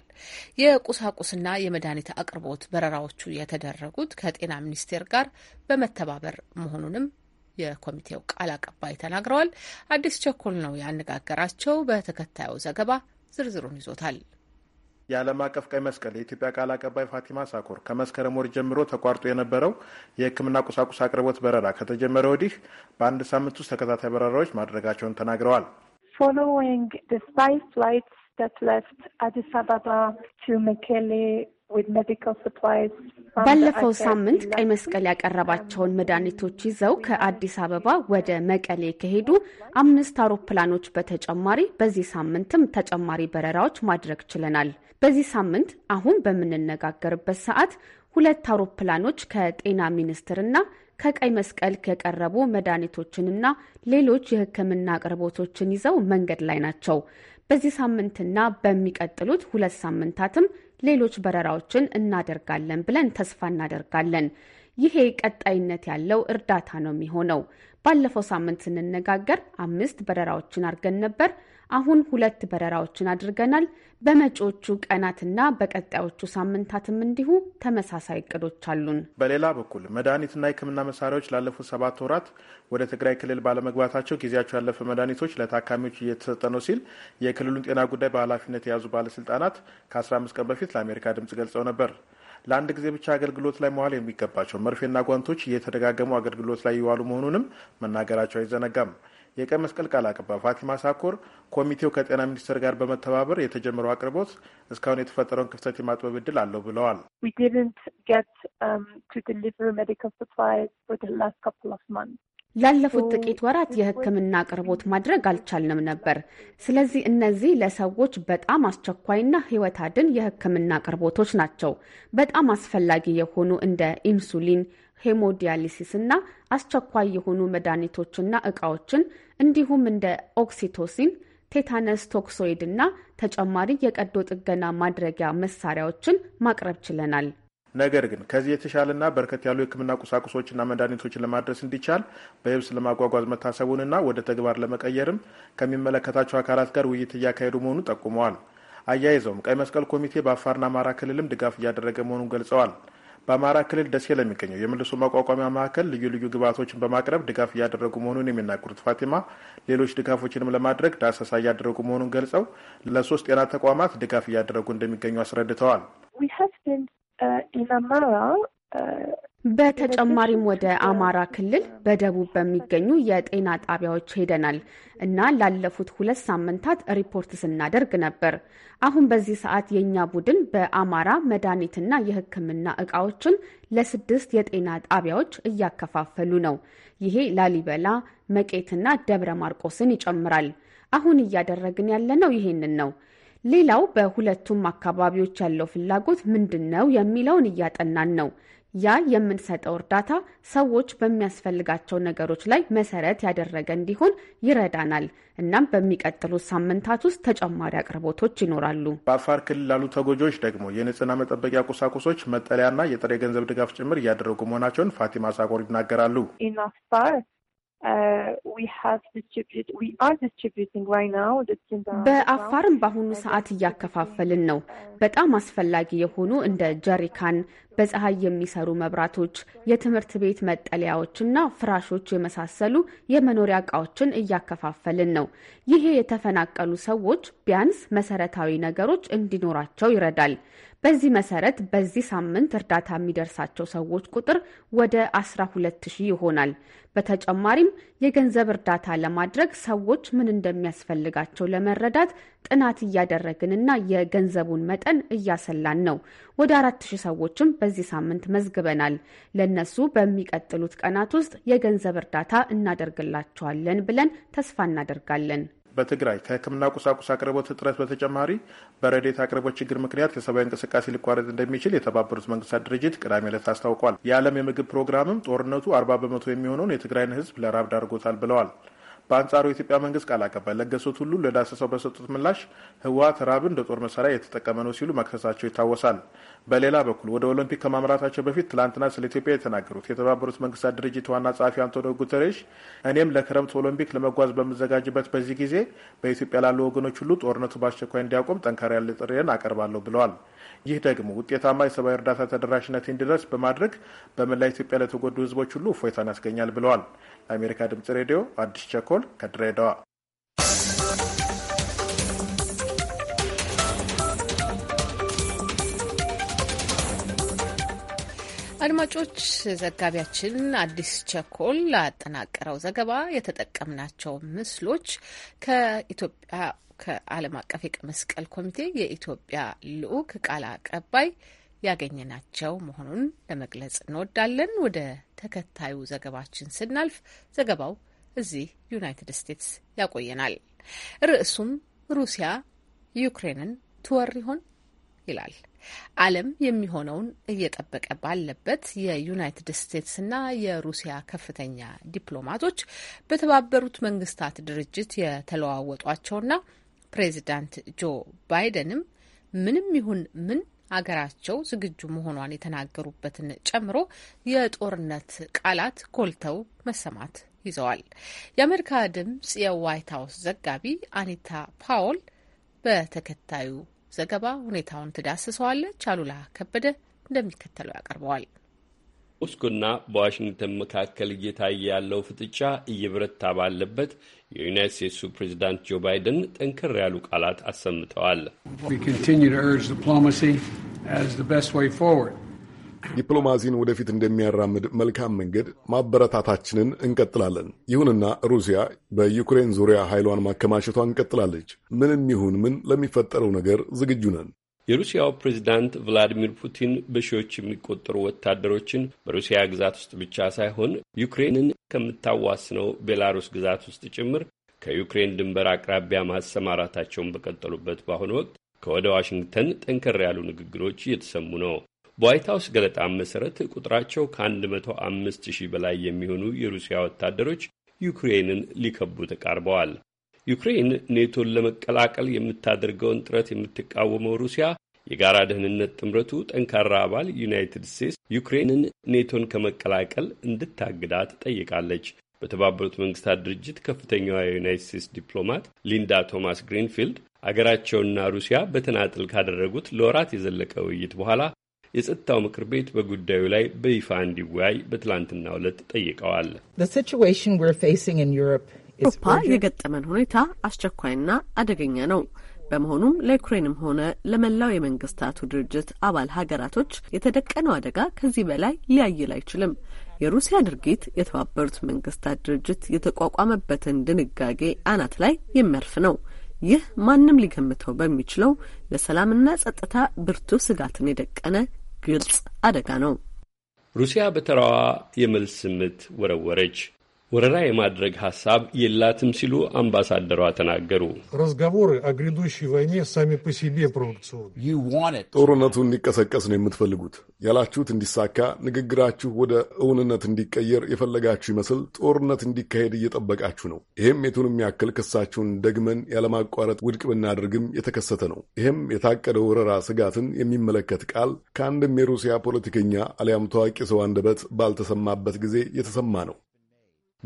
የቁሳቁስና የመድኃኒት አቅርቦት በረራዎቹ የተደረጉት ከጤና ሚኒስቴር ጋር በመተባበር መሆኑንም የኮሚቴው ቃል አቀባይ ተናግረዋል። አዲስ ቸኮል ነው ያነጋገራቸው። በተከታዩ ዘገባ ዝርዝሩን ይዞታል። የዓለም አቀፍ ቀይ መስቀል የኢትዮጵያ ቃል አቀባይ ፋቲማ ሳኮር ከመስከረም ወር ጀምሮ ተቋርጦ የነበረው የሕክምና ቁሳቁስ አቅርቦት በረራ ከተጀመረ ወዲህ በአንድ ሳምንት ውስጥ ተከታታይ በረራዎች ማድረጋቸውን ተናግረዋል። ፎሎዊንግ ዘ አዲስ አበባ ሜኬሌ ሜዲካል ሰፕላይስ ባለፈው ሳምንት ቀይ መስቀል ያቀረባቸውን መድኃኒቶች ይዘው ከአዲስ አበባ ወደ መቀሌ ከሄዱ አምስት አውሮፕላኖች በተጨማሪ በዚህ ሳምንትም ተጨማሪ በረራዎች ማድረግ ችለናል። በዚህ ሳምንት አሁን በምንነጋገርበት ሰዓት ሁለት አውሮፕላኖች ከጤና ሚኒስቴርና ከቀይ መስቀል የቀረቡ መድኃኒቶችንና ሌሎች የሕክምና አቅርቦቶችን ይዘው መንገድ ላይ ናቸው። በዚህ ሳምንትና በሚቀጥሉት ሁለት ሳምንታትም ሌሎች በረራዎችን እናደርጋለን ብለን ተስፋ እናደርጋለን። ይሄ ቀጣይነት ያለው እርዳታ ነው የሚሆነው። ባለፈው ሳምንት ስንነጋገር አምስት በረራዎችን አድርገን ነበር። አሁን ሁለት በረራዎችን አድርገናል። በመጪዎቹ ቀናትና በቀጣዮቹ ሳምንታትም እንዲሁ ተመሳሳይ እቅዶች አሉን። በሌላ በኩል መድኃኒትና የሕክምና መሳሪያዎች ላለፉት ሰባት ወራት ወደ ትግራይ ክልል ባለመግባታቸው ጊዜያቸው ያለፈ መድኃኒቶች ለታካሚዎች እየተሰጠ ነው ሲል የክልሉን ጤና ጉዳይ በኃላፊነት የያዙ ባለስልጣናት ከ15 ቀን በፊት ለአሜሪካ ድምጽ ገልጸው ነበር። ለአንድ ጊዜ ብቻ አገልግሎት ላይ መዋል የሚገባቸው መርፌና ጓንቶች እየተደጋገሙ አገልግሎት ላይ የዋሉ መሆኑንም መናገራቸው አይዘነጋም። የቀይ መስቀል ቃል አቀባይ ፋቲማ ሳኮር ኮሚቴው ከጤና ሚኒስቴር ጋር በመተባበር የተጀመረው አቅርቦት እስካሁን የተፈጠረውን ክፍተት የማጥበብ እድል አለው ብለዋል። um, ላለፉት ጥቂት ወራት የሕክምና አቅርቦት ማድረግ አልቻልንም ነበር። ስለዚህ እነዚህ ለሰዎች በጣም አስቸኳይና ሕይወት አድን የሕክምና አቅርቦቶች ናቸው። በጣም አስፈላጊ የሆኑ እንደ ኢንሱሊን ሄሞዲያሊሲስ እና አስቸኳይ የሆኑ መድኃኒቶችና እቃዎችን እንዲሁም እንደ ኦክሲቶሲን፣ ቴታነስ ቶክሶይድ እና ተጨማሪ የቀዶ ጥገና ማድረጊያ መሳሪያዎችን ማቅረብ ችለናል። ነገር ግን ከዚህ የተሻለና በርከት ያሉ የሕክምና ቁሳቁሶችና መድኃኒቶችን ለማድረስ እንዲቻል በየብስ ለማጓጓዝ መታሰቡንና ወደ ተግባር ለመቀየርም ከሚመለከታቸው አካላት ጋር ውይይት እያካሄዱ መሆኑን ጠቁመዋል። አያይዘውም ቀይ መስቀል ኮሚቴ በአፋርና አማራ ክልልም ድጋፍ እያደረገ መሆኑን ገልጸዋል። በአማራ ክልል ደሴ ለሚገኘው የመልሶ ማቋቋሚያ ማዕከል ልዩ ልዩ ግብዓቶችን በማቅረብ ድጋፍ እያደረጉ መሆኑን የሚናገሩት ፋቲማ ሌሎች ድጋፎችንም ለማድረግ ዳሰሳ እያደረጉ መሆኑን ገልጸው ለሶስት ጤና ተቋማት ድጋፍ እያደረጉ እንደሚገኙ አስረድተዋል። በተጨማሪም ወደ አማራ ክልል በደቡብ በሚገኙ የጤና ጣቢያዎች ሄደናል እና ላለፉት ሁለት ሳምንታት ሪፖርት ስናደርግ ነበር። አሁን በዚህ ሰዓት የእኛ ቡድን በአማራ መድኃኒትና የሕክምና እቃዎችን ለስድስት የጤና ጣቢያዎች እያከፋፈሉ ነው። ይሄ ላሊበላ፣ መቄትና ደብረ ማርቆስን ይጨምራል። አሁን እያደረግን ያለነው ይሄንን ነው። ሌላው በሁለቱም አካባቢዎች ያለው ፍላጎት ምንድን ነው የሚለውን እያጠናን ነው። ያ የምንሰጠው እርዳታ ሰዎች በሚያስፈልጋቸው ነገሮች ላይ መሰረት ያደረገ እንዲሆን ይረዳናል። እናም በሚቀጥሉት ሳምንታት ውስጥ ተጨማሪ አቅርቦቶች ይኖራሉ። በአፋር ክልል ላሉ ተጎጂዎች ደግሞ የንጽህና መጠበቂያ ቁሳቁሶች፣ መጠለያና የጥሬ ገንዘብ ድጋፍ ጭምር እያደረጉ መሆናቸውን ፋቲማ ሳቆር ይናገራሉ። Uh, በአፋርም በአሁኑ ሰዓት እያከፋፈልን ነው። uh, በጣም አስፈላጊ የሆኑ እንደ ጀሪካን፣ በፀሐይ የሚሰሩ መብራቶች፣ የትምህርት ቤት መጠለያዎች ና ፍራሾች የመሳሰሉ የመኖሪያ እቃዎችን እያከፋፈልን ነው። ይሄ የተፈናቀሉ ሰዎች ቢያንስ መሰረታዊ ነገሮች እንዲኖራቸው ይረዳል። በዚህ መሰረት በዚህ ሳምንት እርዳታ የሚደርሳቸው ሰዎች ቁጥር ወደ 12 ሺህ ይሆናል። በተጨማሪም የገንዘብ እርዳታ ለማድረግ ሰዎች ምን እንደሚያስፈልጋቸው ለመረዳት ጥናት እያደረግንና የገንዘቡን መጠን እያሰላን ነው። ወደ አራት ሺህ ሰዎችም በዚህ ሳምንት መዝግበናል። ለነሱ በሚቀጥሉት ቀናት ውስጥ የገንዘብ እርዳታ እናደርግላቸዋለን ብለን ተስፋ እናደርጋለን። በትግራይ ከሕክምና ቁሳቁስ አቅርቦት እጥረት በተጨማሪ በረዴት አቅርቦት ችግር ምክንያት የሰብአዊ እንቅስቃሴ ሊቋረጥ እንደሚችል የተባበሩት መንግስታት ድርጅት ቅዳሜ ዕለት አስታውቋል። የዓለም የምግብ ፕሮግራምም ጦርነቱ አርባ በመቶ የሚሆነውን የትግራይን ሕዝብ ለራብ ዳርጎታል ብለዋል። በአንጻሩ የኢትዮጵያ መንግስት ቃል አቀባይ ለገሱት ሁሉ ለዳሰሰው በሰጡት ምላሽ ህወሀት ራብን እንደ ጦር መሳሪያ የተጠቀመ ነው ሲሉ መክሰሳቸው ይታወሳል። በሌላ በኩል ወደ ኦሎምፒክ ከማምራታቸው በፊት ትላንትና ስለ ኢትዮጵያ የተናገሩት የተባበሩት መንግስታት ድርጅት ዋና ጸሐፊ አንቶኒዮ ጉተሬሽ እኔም ለክረምት ኦሎምፒክ ለመጓዝ በምዘጋጅበት በዚህ ጊዜ በኢትዮጵያ ላሉ ወገኖች ሁሉ ጦርነቱ በአስቸኳይ እንዲያቆም ጠንካራ ያለ ጥሪን አቀርባለሁ ብለዋል። ይህ ደግሞ ውጤታማ የሰብአዊ እርዳታ ተደራሽነት እንዲደርስ በማድረግ በመላ ኢትዮጵያ ለተጎዱ ህዝቦች ሁሉ እፎይታን ያስገኛል ብለዋል። ለአሜሪካ ድምጽ ሬዲዮ አዲስ ቸኮል ከድሬዳዋ። አድማጮች ዘጋቢያችን አዲስ ቸኮል ላጠናቀረው ዘገባ የተጠቀምናቸው ምስሎች ከኢትዮጵያ ከዓለም አቀፍ የቀይ መስቀል ኮሚቴ የኢትዮጵያ ልዑክ ቃል አቀባይ ያገኘናቸው መሆኑን ለመግለጽ እንወዳለን። ወደ ተከታዩ ዘገባችን ስናልፍ ዘገባው እዚህ ዩናይትድ ስቴትስ ያቆየናል። ርዕሱም ሩሲያ ዩክሬንን ትወር ይሆን ይላል። ዓለም የሚሆነውን እየጠበቀ ባለበት የዩናይትድ ስቴትስና የሩሲያ ከፍተኛ ዲፕሎማቶች በተባበሩት መንግስታት ድርጅት የተለዋወጧቸውና ፕሬዚዳንት ጆ ባይደንም ምንም ይሁን ምን አገራቸው ዝግጁ መሆኗን የተናገሩበትን ጨምሮ የጦርነት ቃላት ጎልተው መሰማት ይዘዋል። የአሜሪካ ድምጽ የዋይት ሀውስ ዘጋቢ አኒታ ፓውል በተከታዩ ዘገባ ሁኔታውን ትዳስሰዋለች። አሉላ ከበደ እንደሚከተለው ያቀርበዋል። ሞስኮና በዋሽንግተን መካከል እየታየ ያለው ፍጥጫ እየበረታ ባለበት የዩናይት ስቴትሱ ፕሬዚዳንት ጆ ባይደን ጠንከር ያሉ ቃላት አሰምተዋል። ዲፕሎማሲን ወደፊት እንደሚያራምድ መልካም መንገድ ማበረታታችንን እንቀጥላለን። ይሁንና ሩሲያ በዩክሬን ዙሪያ ኃይሏን ማከማቸቷን እንቀጥላለች። ምንም ይሁን ምን ለሚፈጠረው ነገር ዝግጁ ነን። የሩሲያው ፕሬዚዳንት ቭላዲሚር ፑቲን በሺዎች የሚቆጠሩ ወታደሮችን በሩሲያ ግዛት ውስጥ ብቻ ሳይሆን ዩክሬንን ከምታዋስነው ቤላሩስ ግዛት ውስጥ ጭምር ከዩክሬን ድንበር አቅራቢያ ማሰማራታቸውን በቀጠሉበት በአሁኑ ወቅት ከወደ ዋሽንግተን ጠንከር ያሉ ንግግሮች እየተሰሙ ነው። በዋይት ሀውስ ገለጣ መሰረት ቁጥራቸው ከ105 ሺህ በላይ የሚሆኑ የሩሲያ ወታደሮች ዩክሬንን ሊከቡ ተቃርበዋል። ዩክሬን ኔቶን ለመቀላቀል የምታደርገውን ጥረት የምትቃወመው ሩሲያ የጋራ ደህንነት ጥምረቱ ጠንካራ አባል ዩናይትድ ስቴትስ ዩክሬንን ኔቶን ከመቀላቀል እንድታግዳ ትጠይቃለች። በተባበሩት መንግስታት ድርጅት ከፍተኛዋ የዩናይት ስቴትስ ዲፕሎማት ሊንዳ ቶማስ ግሪንፊልድ አገራቸውና ሩሲያ በተናጥል ካደረጉት ለወራት የዘለቀ ውይይት በኋላ የጸጥታው ምክር ቤት በጉዳዩ ላይ በይፋ እንዲወያይ በትላንትናው ዕለት ጠይቀዋል። አውሮፓ የገጠመን ሁኔታ አስቸኳይና አደገኛ ነው። በመሆኑም ለዩክሬንም ሆነ ለመላው የመንግስታቱ ድርጅት አባል ሀገራቶች የተደቀነው አደጋ ከዚህ በላይ ሊያይል አይችልም። የሩሲያ ድርጊት የተባበሩት መንግስታት ድርጅት የተቋቋመበትን ድንጋጌ አናት ላይ የሚያርፍ ነው። ይህ ማንም ሊገምተው በሚችለው ለሰላምና ጸጥታ ብርቱ ስጋትን የደቀነ ግልጽ አደጋ ነው። ሩሲያ በተራዋ የመልስ ምት ወረወረች። ወረራ የማድረግ ሀሳብ የላትም ሲሉ አምባሳደሯ ተናገሩ። ጦርነቱ እንዲቀሰቀስ ነው የምትፈልጉት ያላችሁት እንዲሳካ፣ ንግግራችሁ ወደ እውንነት እንዲቀየር የፈለጋችሁ ይመስል ጦርነት እንዲካሄድ እየጠበቃችሁ ነው። ይህም የቱንም ያክል ክሳችሁን ደግመን ያለማቋረጥ ውድቅ ብናደርግም የተከሰተ ነው። ይህም የታቀደ ወረራ ስጋትን የሚመለከት ቃል ከአንድም የሩሲያ ፖለቲከኛ አሊያም ታዋቂ ሰው አንደበት ባልተሰማበት ጊዜ የተሰማ ነው።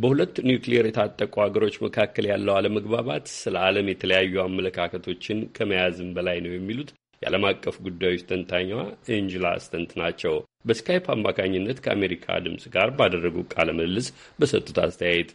በሁለት ኒውክሊየር የታጠቁ ሀገሮች መካከል ያለው አለመግባባት ስለ ዓለም የተለያዩ አመለካከቶችን ከመያዝም በላይ ነው የሚሉት የዓለም አቀፍ ጉዳዮች ተንታኛዋ ኤንጅላ ስተንት ናቸው። በስካይፕ አማካኝነት ከአሜሪካ ድምፅ ጋር ባደረጉ ቃለ ምልልስ በሰጡት አስተያየት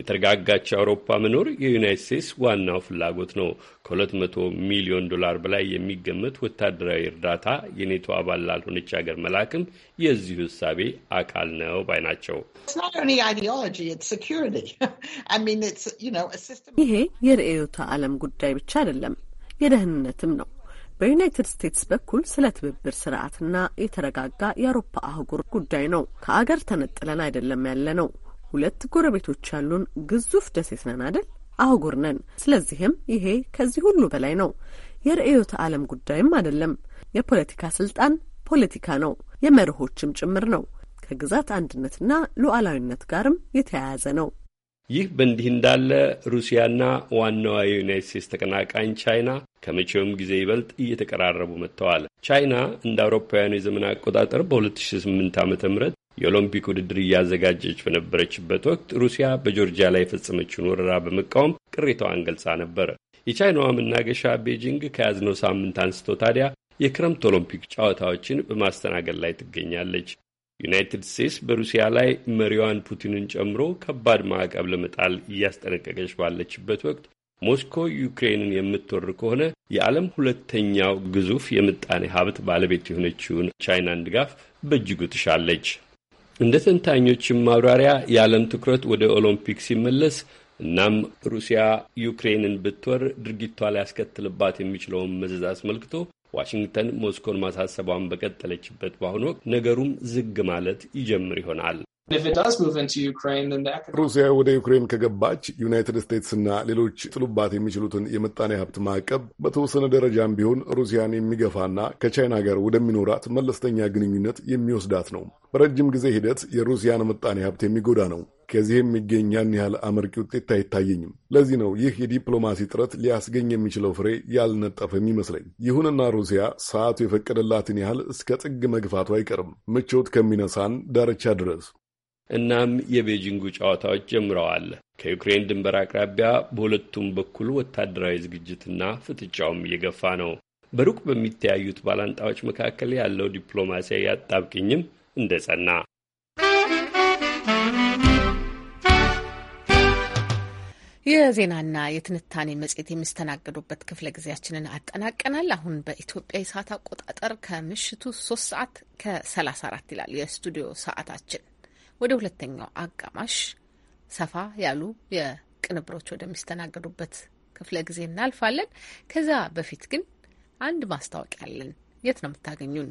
የተረጋጋች አውሮፓ መኖር የዩናይት ስቴትስ ዋናው ፍላጎት ነው። ከ200 ሚሊዮን ዶላር በላይ የሚገመት ወታደራዊ እርዳታ የኔቶ አባል ላልሆነች ሀገር መላክም የዚሁ እሳቤ አካል ነው ባይ ናቸው። ይሄ የርዕዮተ ዓለም ጉዳይ ብቻ አይደለም፣ የደህንነትም ነው። በዩናይትድ ስቴትስ በኩል ስለ ትብብር ስርዓትና የተረጋጋ የአውሮፓ አህጉር ጉዳይ ነው። ከአገር ተነጥለን አይደለም ያለ ነው። ሁለት ጎረቤቶች ያሉን ግዙፍ ደሴት ነን አደል? አህጉር ነን። ስለዚህም ይሄ ከዚህ ሁሉ በላይ ነው። የርዕዮተ ዓለም ጉዳይም አይደለም። የፖለቲካ ስልጣን ፖለቲካ ነው፣ የመርሆችም ጭምር ነው። ከግዛት አንድነትና ሉዓላዊነት ጋርም የተያያዘ ነው። ይህ በእንዲህ እንዳለ ሩሲያና ዋናዋ የዩናይት ስቴትስ ተቀናቃኝ ቻይና ከመቼውም ጊዜ ይበልጥ እየተቀራረቡ መጥተዋል። ቻይና እንደ አውሮፓውያኑ የዘመን አቆጣጠር በ2008 ዓ ም የኦሎምፒክ ውድድር እያዘጋጀች በነበረችበት ወቅት ሩሲያ በጆርጂያ ላይ የፈጸመችውን ወረራ በመቃወም ቅሬታዋን ገልጻ ነበር። የቻይናዋ መናገሻ ቤጂንግ ከያዝነው ሳምንት አንስቶ ታዲያ የክረምት ኦሎምፒክ ጨዋታዎችን በማስተናገድ ላይ ትገኛለች። ዩናይትድ ስቴትስ በሩሲያ ላይ መሪዋን ፑቲንን ጨምሮ ከባድ ማዕቀብ ለመጣል እያስጠነቀቀች ባለችበት ወቅት ሞስኮ ዩክሬንን የምትወር ከሆነ የዓለም ሁለተኛው ግዙፍ የምጣኔ ሀብት ባለቤት የሆነችውን ቻይናን ድጋፍ በእጅጉ ትሻለች። እንደ ተንታኞችም ማብራሪያ የዓለም ትኩረት ወደ ኦሎምፒክ ሲመለስ እናም ሩሲያ ዩክሬንን ብትወር ድርጊቷ ሊያስከትልባት የሚችለውን መዘዝ አስመልክቶ ዋሽንግተን ሞስኮን ማሳሰቧን በቀጠለችበት በአሁኑ ወቅት ነገሩም ዝግ ማለት ይጀምር ይሆናል። ሩሲያ ወደ ዩክሬን ከገባች ዩናይትድ ስቴትስና ሌሎች ጥሉባት የሚችሉትን የምጣኔ ሀብት ማዕቀብ በተወሰነ ደረጃም ቢሆን ሩሲያን የሚገፋና ከቻይና ጋር ወደሚኖራት መለስተኛ ግንኙነት የሚወስዳት ነው። በረጅም ጊዜ ሂደት የሩሲያን ምጣኔ ሀብት የሚጎዳ ነው። ከዚህ የሚገኝ ያን ያህል አመርቂ ውጤት አይታየኝም። ለዚህ ነው ይህ የዲፕሎማሲ ጥረት ሊያስገኝ የሚችለው ፍሬ ያልነጠፈ የሚመስለኝ። ይሁንና ሩሲያ ሰዓቱ የፈቀደላትን ያህል እስከ ጥግ መግፋቱ አይቀርም፣ ምቾት ከሚነሳን ዳርቻ ድረስ። እናም የቤጂንጉ ጨዋታዎች ጀምረዋል። ከዩክሬን ድንበር አቅራቢያ በሁለቱም በኩል ወታደራዊ ዝግጅትና ፍጥጫውም እየገፋ ነው። በሩቅ በሚተያዩት ባላንጣዎች መካከል ያለው ዲፕሎማሲያዊ አጣብቅኝም እንደ ጸና የዜናና የትንታኔ መጽሔት የሚስተናገዱበት ክፍለ ጊዜያችንን አጠናቀናል። አሁን በኢትዮጵያ የሰዓት አቆጣጠር ከምሽቱ ሶስት ሰዓት ከሰላሳ አራት ይላል የስቱዲዮ ሰዓታችን። ወደ ሁለተኛው አጋማሽ ሰፋ ያሉ የቅንብሮች ወደሚስተናገዱበት ክፍለ ጊዜ እናልፋለን። ከዛ በፊት ግን አንድ ማስታወቂያ አለን። የት ነው የምታገኙን?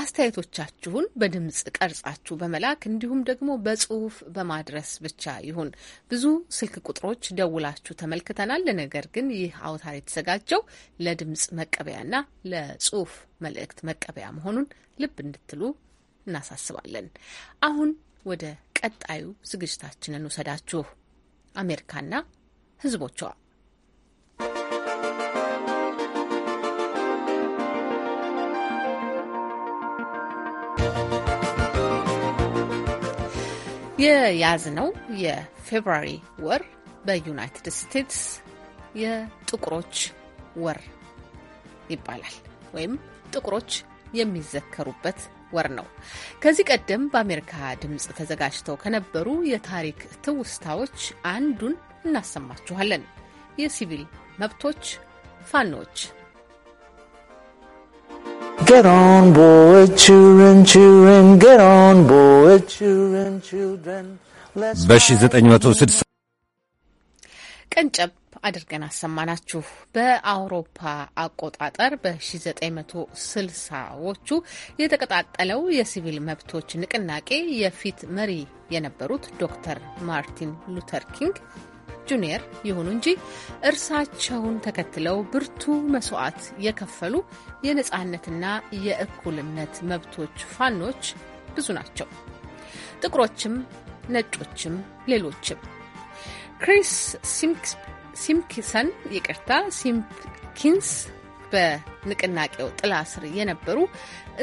አስተያየቶቻችሁን በድምጽ ቀርጻችሁ በመላክ እንዲሁም ደግሞ በጽሁፍ በማድረስ ብቻ ይሁን። ብዙ ስልክ ቁጥሮች ደውላችሁ ተመልክተናል። ነገር ግን ይህ አውታር የተዘጋጀው ለድምጽ መቀበያና ለጽሁፍ መልእክት መቀበያ መሆኑን ልብ እንድትሉ እናሳስባለን። አሁን ወደ ቀጣዩ ዝግጅታችንን ውሰዳችሁ። አሜሪካና ህዝቦቿ የያዝነው የፌብራሪ ወር በዩናይትድ ስቴትስ የጥቁሮች ወር ይባላል ወይም ጥቁሮች የሚዘከሩበት ወር ነው። ከዚህ ቀደም በአሜሪካ ድምፅ ተዘጋጅተው ከነበሩ የታሪክ ትውስታዎች አንዱን እናሰማችኋለን። የሲቪል መብቶች ፋኖዎች Get on board, children, children, get on board, children, children. በ1960 ቀንጨብ አድርገን አሰማናችሁ። በአውሮፓ አቆጣጠር በ1960ዎቹ የተቀጣጠለው የሲቪል መብቶች ንቅናቄ የፊት መሪ የነበሩት ዶክተር ማርቲን ሉተር ኪንግ ጁኒየር ይሁኑ እንጂ እርሳቸውን ተከትለው ብርቱ መስዋዕት የከፈሉ የነጻነትና የእኩልነት መብቶች ፋኖች ብዙ ናቸው። ጥቁሮችም፣ ነጮችም፣ ሌሎችም። ክሪስ ሲምኪሰን ይቅርታ፣ ሲምኪንስ በንቅናቄው ጥላ ስር የነበሩ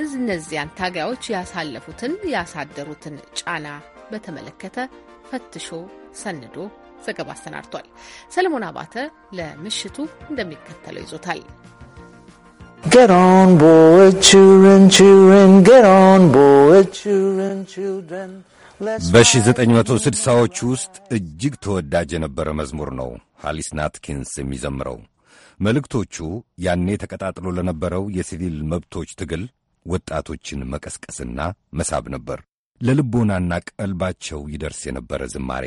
እነዚያን ታጋዮች ያሳለፉትን ያሳደሩትን ጫና በተመለከተ ፈትሾ ሰንዶ ዘገባ አሰናድቷል። ሰለሞን አባተ ለምሽቱ እንደሚከተለው ይዞታል። በ1960ዎቹ ውስጥ እጅግ ተወዳጅ የነበረ መዝሙር ነው ሃሊስ ናትኪንስ የሚዘምረው። መልእክቶቹ ያኔ ተቀጣጥሎ ለነበረው የሲቪል መብቶች ትግል ወጣቶችን መቀስቀስና መሳብ ነበር። ለልቦናና ቀልባቸው ይደርስ የነበረ ዝማሬ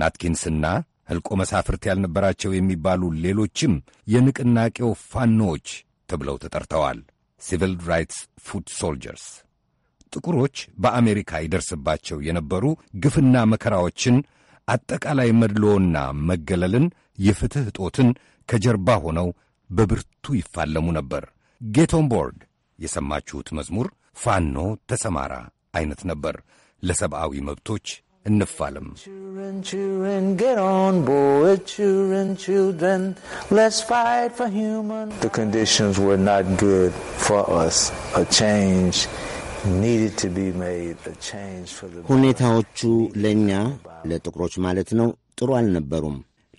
ናትኪንስና ሕልቆ መሳፍርት ያልነበራቸው የሚባሉ ሌሎችም የንቅናቄው ፋኖዎች ተብለው ተጠርተዋል። ሲቪል ራይትስ ፉድ ሶልጀርስ ጥቁሮች በአሜሪካ ይደርስባቸው የነበሩ ግፍና መከራዎችን፣ አጠቃላይ መድሎና መገለልን፣ የፍትሕ እጦትን ከጀርባ ሆነው በብርቱ ይፋለሙ ነበር። ጌት ቦርድ የሰማችሁት መዝሙር ፋኖ ተሰማራ አይነት ነበር። ለሰብአዊ መብቶች እንፋለም። ሁኔታዎቹ ለእኛ ለጥቁሮች ማለት ነው ጥሩ አልነበሩም።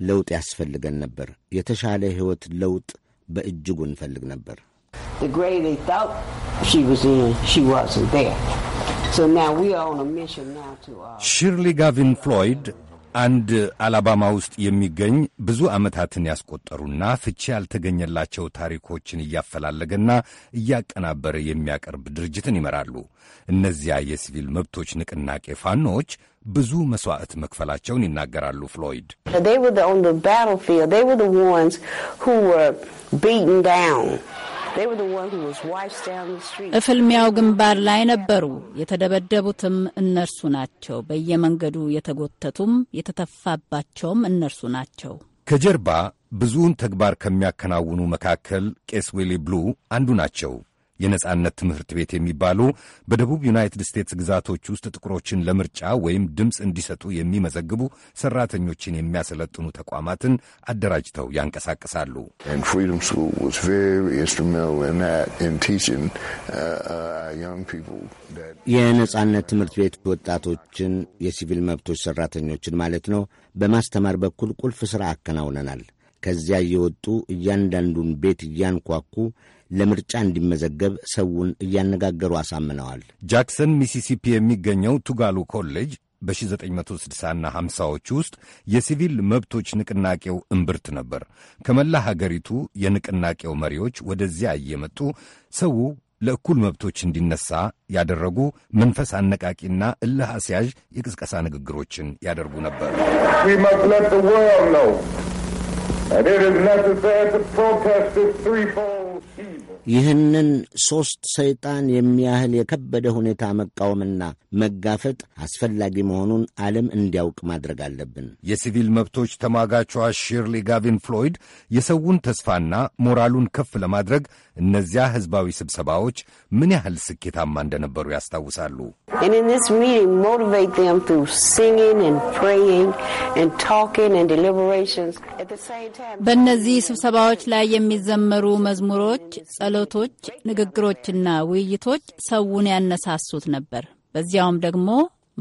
ለውጥ ያስፈልገን ነበር። የተሻለ ሕይወት ለውጥ በእጅጉ እንፈልግ ነበር። ሺርሊ ጋቪን ፍሎይድ አንድ አላባማ ውስጥ የሚገኝ ብዙ ዓመታትን ያስቆጠሩና ፍቺ ያልተገኘላቸው ታሪኮችን እያፈላለገና እያቀናበረ የሚያቀርብ ድርጅትን ይመራሉ። እነዚያ የሲቪል መብቶች ንቅናቄ ፋኖዎች ብዙ መሥዋዕት መክፈላቸውን ይናገራሉ። ፍሎይድ እፍልሚያው ግንባር ላይ ነበሩ። የተደበደቡትም እነርሱ ናቸው። በየመንገዱ የተጎተቱም የተተፋባቸውም እነርሱ ናቸው። ከጀርባ ብዙውን ተግባር ከሚያከናውኑ መካከል ቄስ ዌሊ ብሉ አንዱ ናቸው። የነጻነት ትምህርት ቤት የሚባሉ በደቡብ ዩናይትድ ስቴትስ ግዛቶች ውስጥ ጥቁሮችን ለምርጫ ወይም ድምፅ እንዲሰጡ የሚመዘግቡ ሰራተኞችን የሚያሰለጥኑ ተቋማትን አደራጅተው ያንቀሳቅሳሉ። uh, uh, የነጻነት ትምህርት ቤት ወጣቶችን፣ የሲቪል መብቶች ሰራተኞችን ማለት ነው፣ በማስተማር በኩል ቁልፍ ስራ አከናውነናል። ከዚያ እየወጡ እያንዳንዱን ቤት እያንኳኩ ለምርጫ እንዲመዘገብ ሰውን እያነጋገሩ አሳምነዋል። ጃክሰን ሚሲሲፒ የሚገኘው ቱጋሉ ኮሌጅ በ1960ና 50ዎች ውስጥ የሲቪል መብቶች ንቅናቄው እምብርት ነበር። ከመላ ሀገሪቱ የንቅናቄው መሪዎች ወደዚያ እየመጡ ሰው ለእኩል መብቶች እንዲነሳ ያደረጉ መንፈስ አነቃቂና እልህ አስያዥ የቅስቀሳ ንግግሮችን ያደርጉ ነበር። And it is necessary to protest this threefold. ይህንን ሦስት ሰይጣን የሚያህል የከበደ ሁኔታ መቃወምና መጋፈጥ አስፈላጊ መሆኑን ዓለም እንዲያውቅ ማድረግ አለብን። የሲቪል መብቶች ተሟጋቿ ሺርሊ ጋቪን ፍሎይድ የሰውን ተስፋና ሞራሉን ከፍ ለማድረግ እነዚያ ሕዝባዊ ስብሰባዎች ምን ያህል ስኬታማ እንደነበሩ ያስታውሳሉ። በእነዚህ ስብሰባዎች ላይ የሚዘመሩ መዝሙሮች ጸሎቶች፣ ንግግሮችና ውይይቶች ሰውን ያነሳሱት ነበር። በዚያውም ደግሞ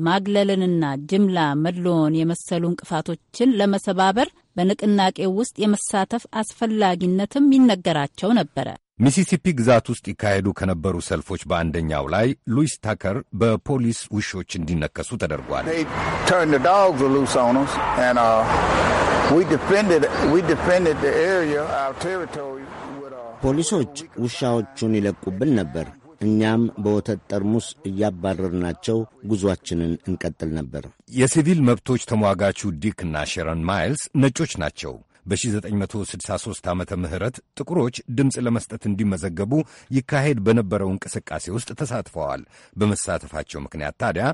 ማግለልንና ጅምላ መድሎን የመሰሉ እንቅፋቶችን ለመሰባበር በንቅናቄው ውስጥ የመሳተፍ አስፈላጊነትም ይነገራቸው ነበረ። ሚሲሲፒ ግዛት ውስጥ ይካሄዱ ከነበሩ ሰልፎች በአንደኛው ላይ ሉዊስ ታከር በፖሊስ ውሾች እንዲነከሱ ተደርጓል። ፖሊሶች ውሻዎቹን ይለቁብን ነበር። እኛም በወተት ጠርሙስ እያባረርናቸው ጉዟችንን እንቀጥል ነበር። የሲቪል መብቶች ተሟጋቹ ዲክ እና ሼረን ማይልስ ነጮች ናቸው። በ1963 ዓመተ ምህረት ጥቁሮች ድምፅ ለመስጠት እንዲመዘገቡ ይካሄድ በነበረው እንቅስቃሴ ውስጥ ተሳትፈዋል። በመሳተፋቸው ምክንያት ታዲያ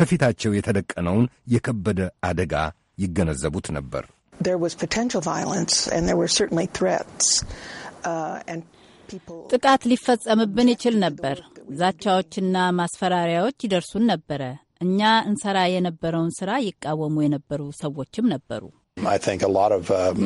ከፊታቸው የተደቀነውን የከበደ አደጋ ይገነዘቡት ነበር። ጥቃት ሊፈጸምብን ይችል ነበር። ዛቻዎችና ማስፈራሪያዎች ይደርሱን ነበረ። እኛ እንሰራ የነበረውን ስራ ይቃወሙ የነበሩ ሰዎችም ነበሩ። um,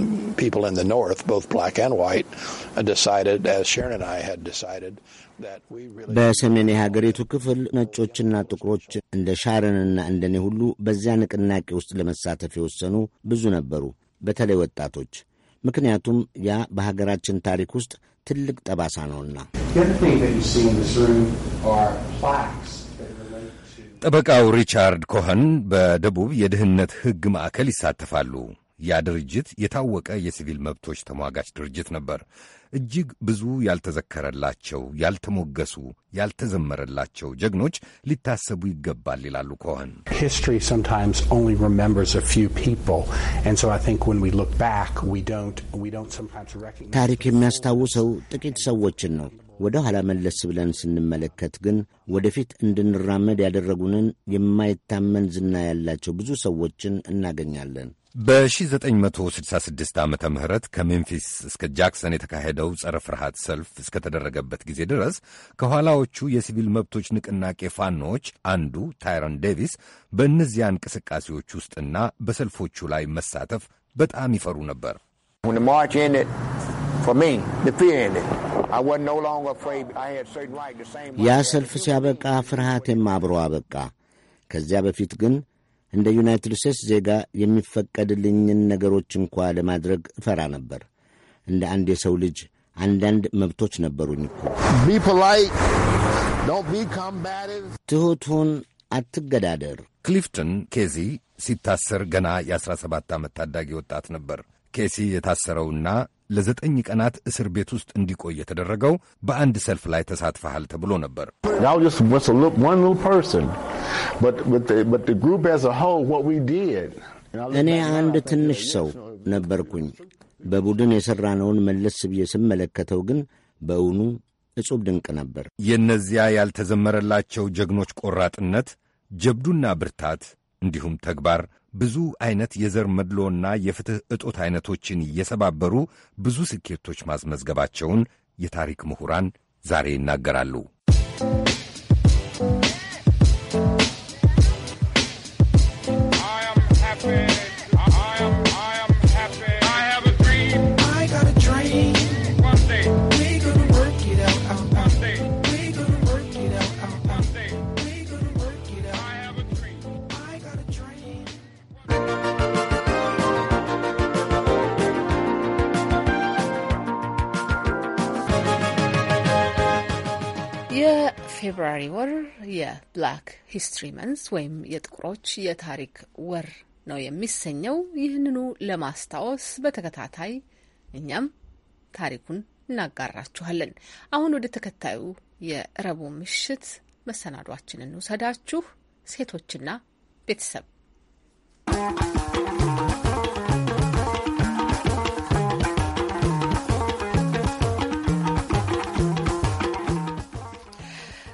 በሰሜን የሀገሪቱ ክፍል ነጮችና ጥቁሮች እንደ ሻረንና እንደኔ ሁሉ በዚያ ንቅናቄ ውስጥ ለመሳተፍ የወሰኑ ብዙ ነበሩ፣ በተለይ ወጣቶች ምክንያቱም ያ በሀገራችን ታሪክ ውስጥ ትልቅ ጠባሳ ነውና። ጠበቃው ሪቻርድ ኮኸን በደቡብ የድህነት ሕግ ማዕከል ይሳተፋሉ። ያ ድርጅት የታወቀ የሲቪል መብቶች ተሟጋች ድርጅት ነበር። እጅግ ብዙ ያልተዘከረላቸው፣ ያልተሞገሱ፣ ያልተዘመረላቸው ጀግኖች ሊታሰቡ ይገባል ይላሉ ኮኸን። ታሪክ የሚያስታውሰው ጥቂት ሰዎችን ነው። ወደ ኋላ መለስ ብለን ስንመለከት ግን ወደፊት እንድንራመድ ያደረጉንን የማይታመን ዝና ያላቸው ብዙ ሰዎችን እናገኛለን። በ1966 ዓ ም ከሜምፊስ እስከ ጃክሰን የተካሄደው ጸረ ፍርሃት ሰልፍ እስከተደረገበት ጊዜ ድረስ ከኋላዎቹ የሲቪል መብቶች ንቅናቄ ፋኖዎች አንዱ ታይረን ዴቪስ በእነዚያ እንቅስቃሴዎች ውስጥና በሰልፎቹ ላይ መሳተፍ በጣም ይፈሩ ነበር። ያ ሰልፍ ሲያበቃ ፍርሃቴም አብሮ አበቃ። ከዚያ በፊት ግን እንደ ዩናይትድ ስቴትስ ዜጋ የሚፈቀድልኝን ነገሮች እንኳ ለማድረግ እፈራ ነበር። እንደ አንድ የሰው ልጅ አንዳንድ መብቶች ነበሩኝ እኮ። አትገዳደር። ክሊፍተን ኬዚ ሲታሰር ገና የ17 ዓመት ታዳጊ ወጣት ነበር። ኬሲ የታሰረውና ለዘጠኝ ቀናት እስር ቤት ውስጥ እንዲቆይ የተደረገው በአንድ ሰልፍ ላይ ተሳትፈሃል ተብሎ ነበር። እኔ አንድ ትንሽ ሰው ነበርኩኝ። በቡድን የሠራነውን መለስ ብዬ ስመለከተው ግን በእውኑ እጹብ ድንቅ ነበር። የእነዚያ ያልተዘመረላቸው ጀግኖች ቆራጥነት፣ ጀብዱና ብርታት እንዲሁም ተግባር ብዙ አይነት የዘር መድሎና የፍትሕ እጦት አይነቶችን እየሰባበሩ ብዙ ስኬቶች ማስመዝገባቸውን የታሪክ ምሁራን ዛሬ ይናገራሉ። ፌብርዋሪ ወር የብላክ ሂስትሪ መንስ ወይም የጥቁሮች የታሪክ ወር ነው የሚሰኘው። ይህንኑ ለማስታወስ በተከታታይ እኛም ታሪኩን እናጋራችኋለን። አሁን ወደ ተከታዩ የረቡ ምሽት መሰናዷችንን ውሰዳችሁ። ሴቶችና ቤተሰብ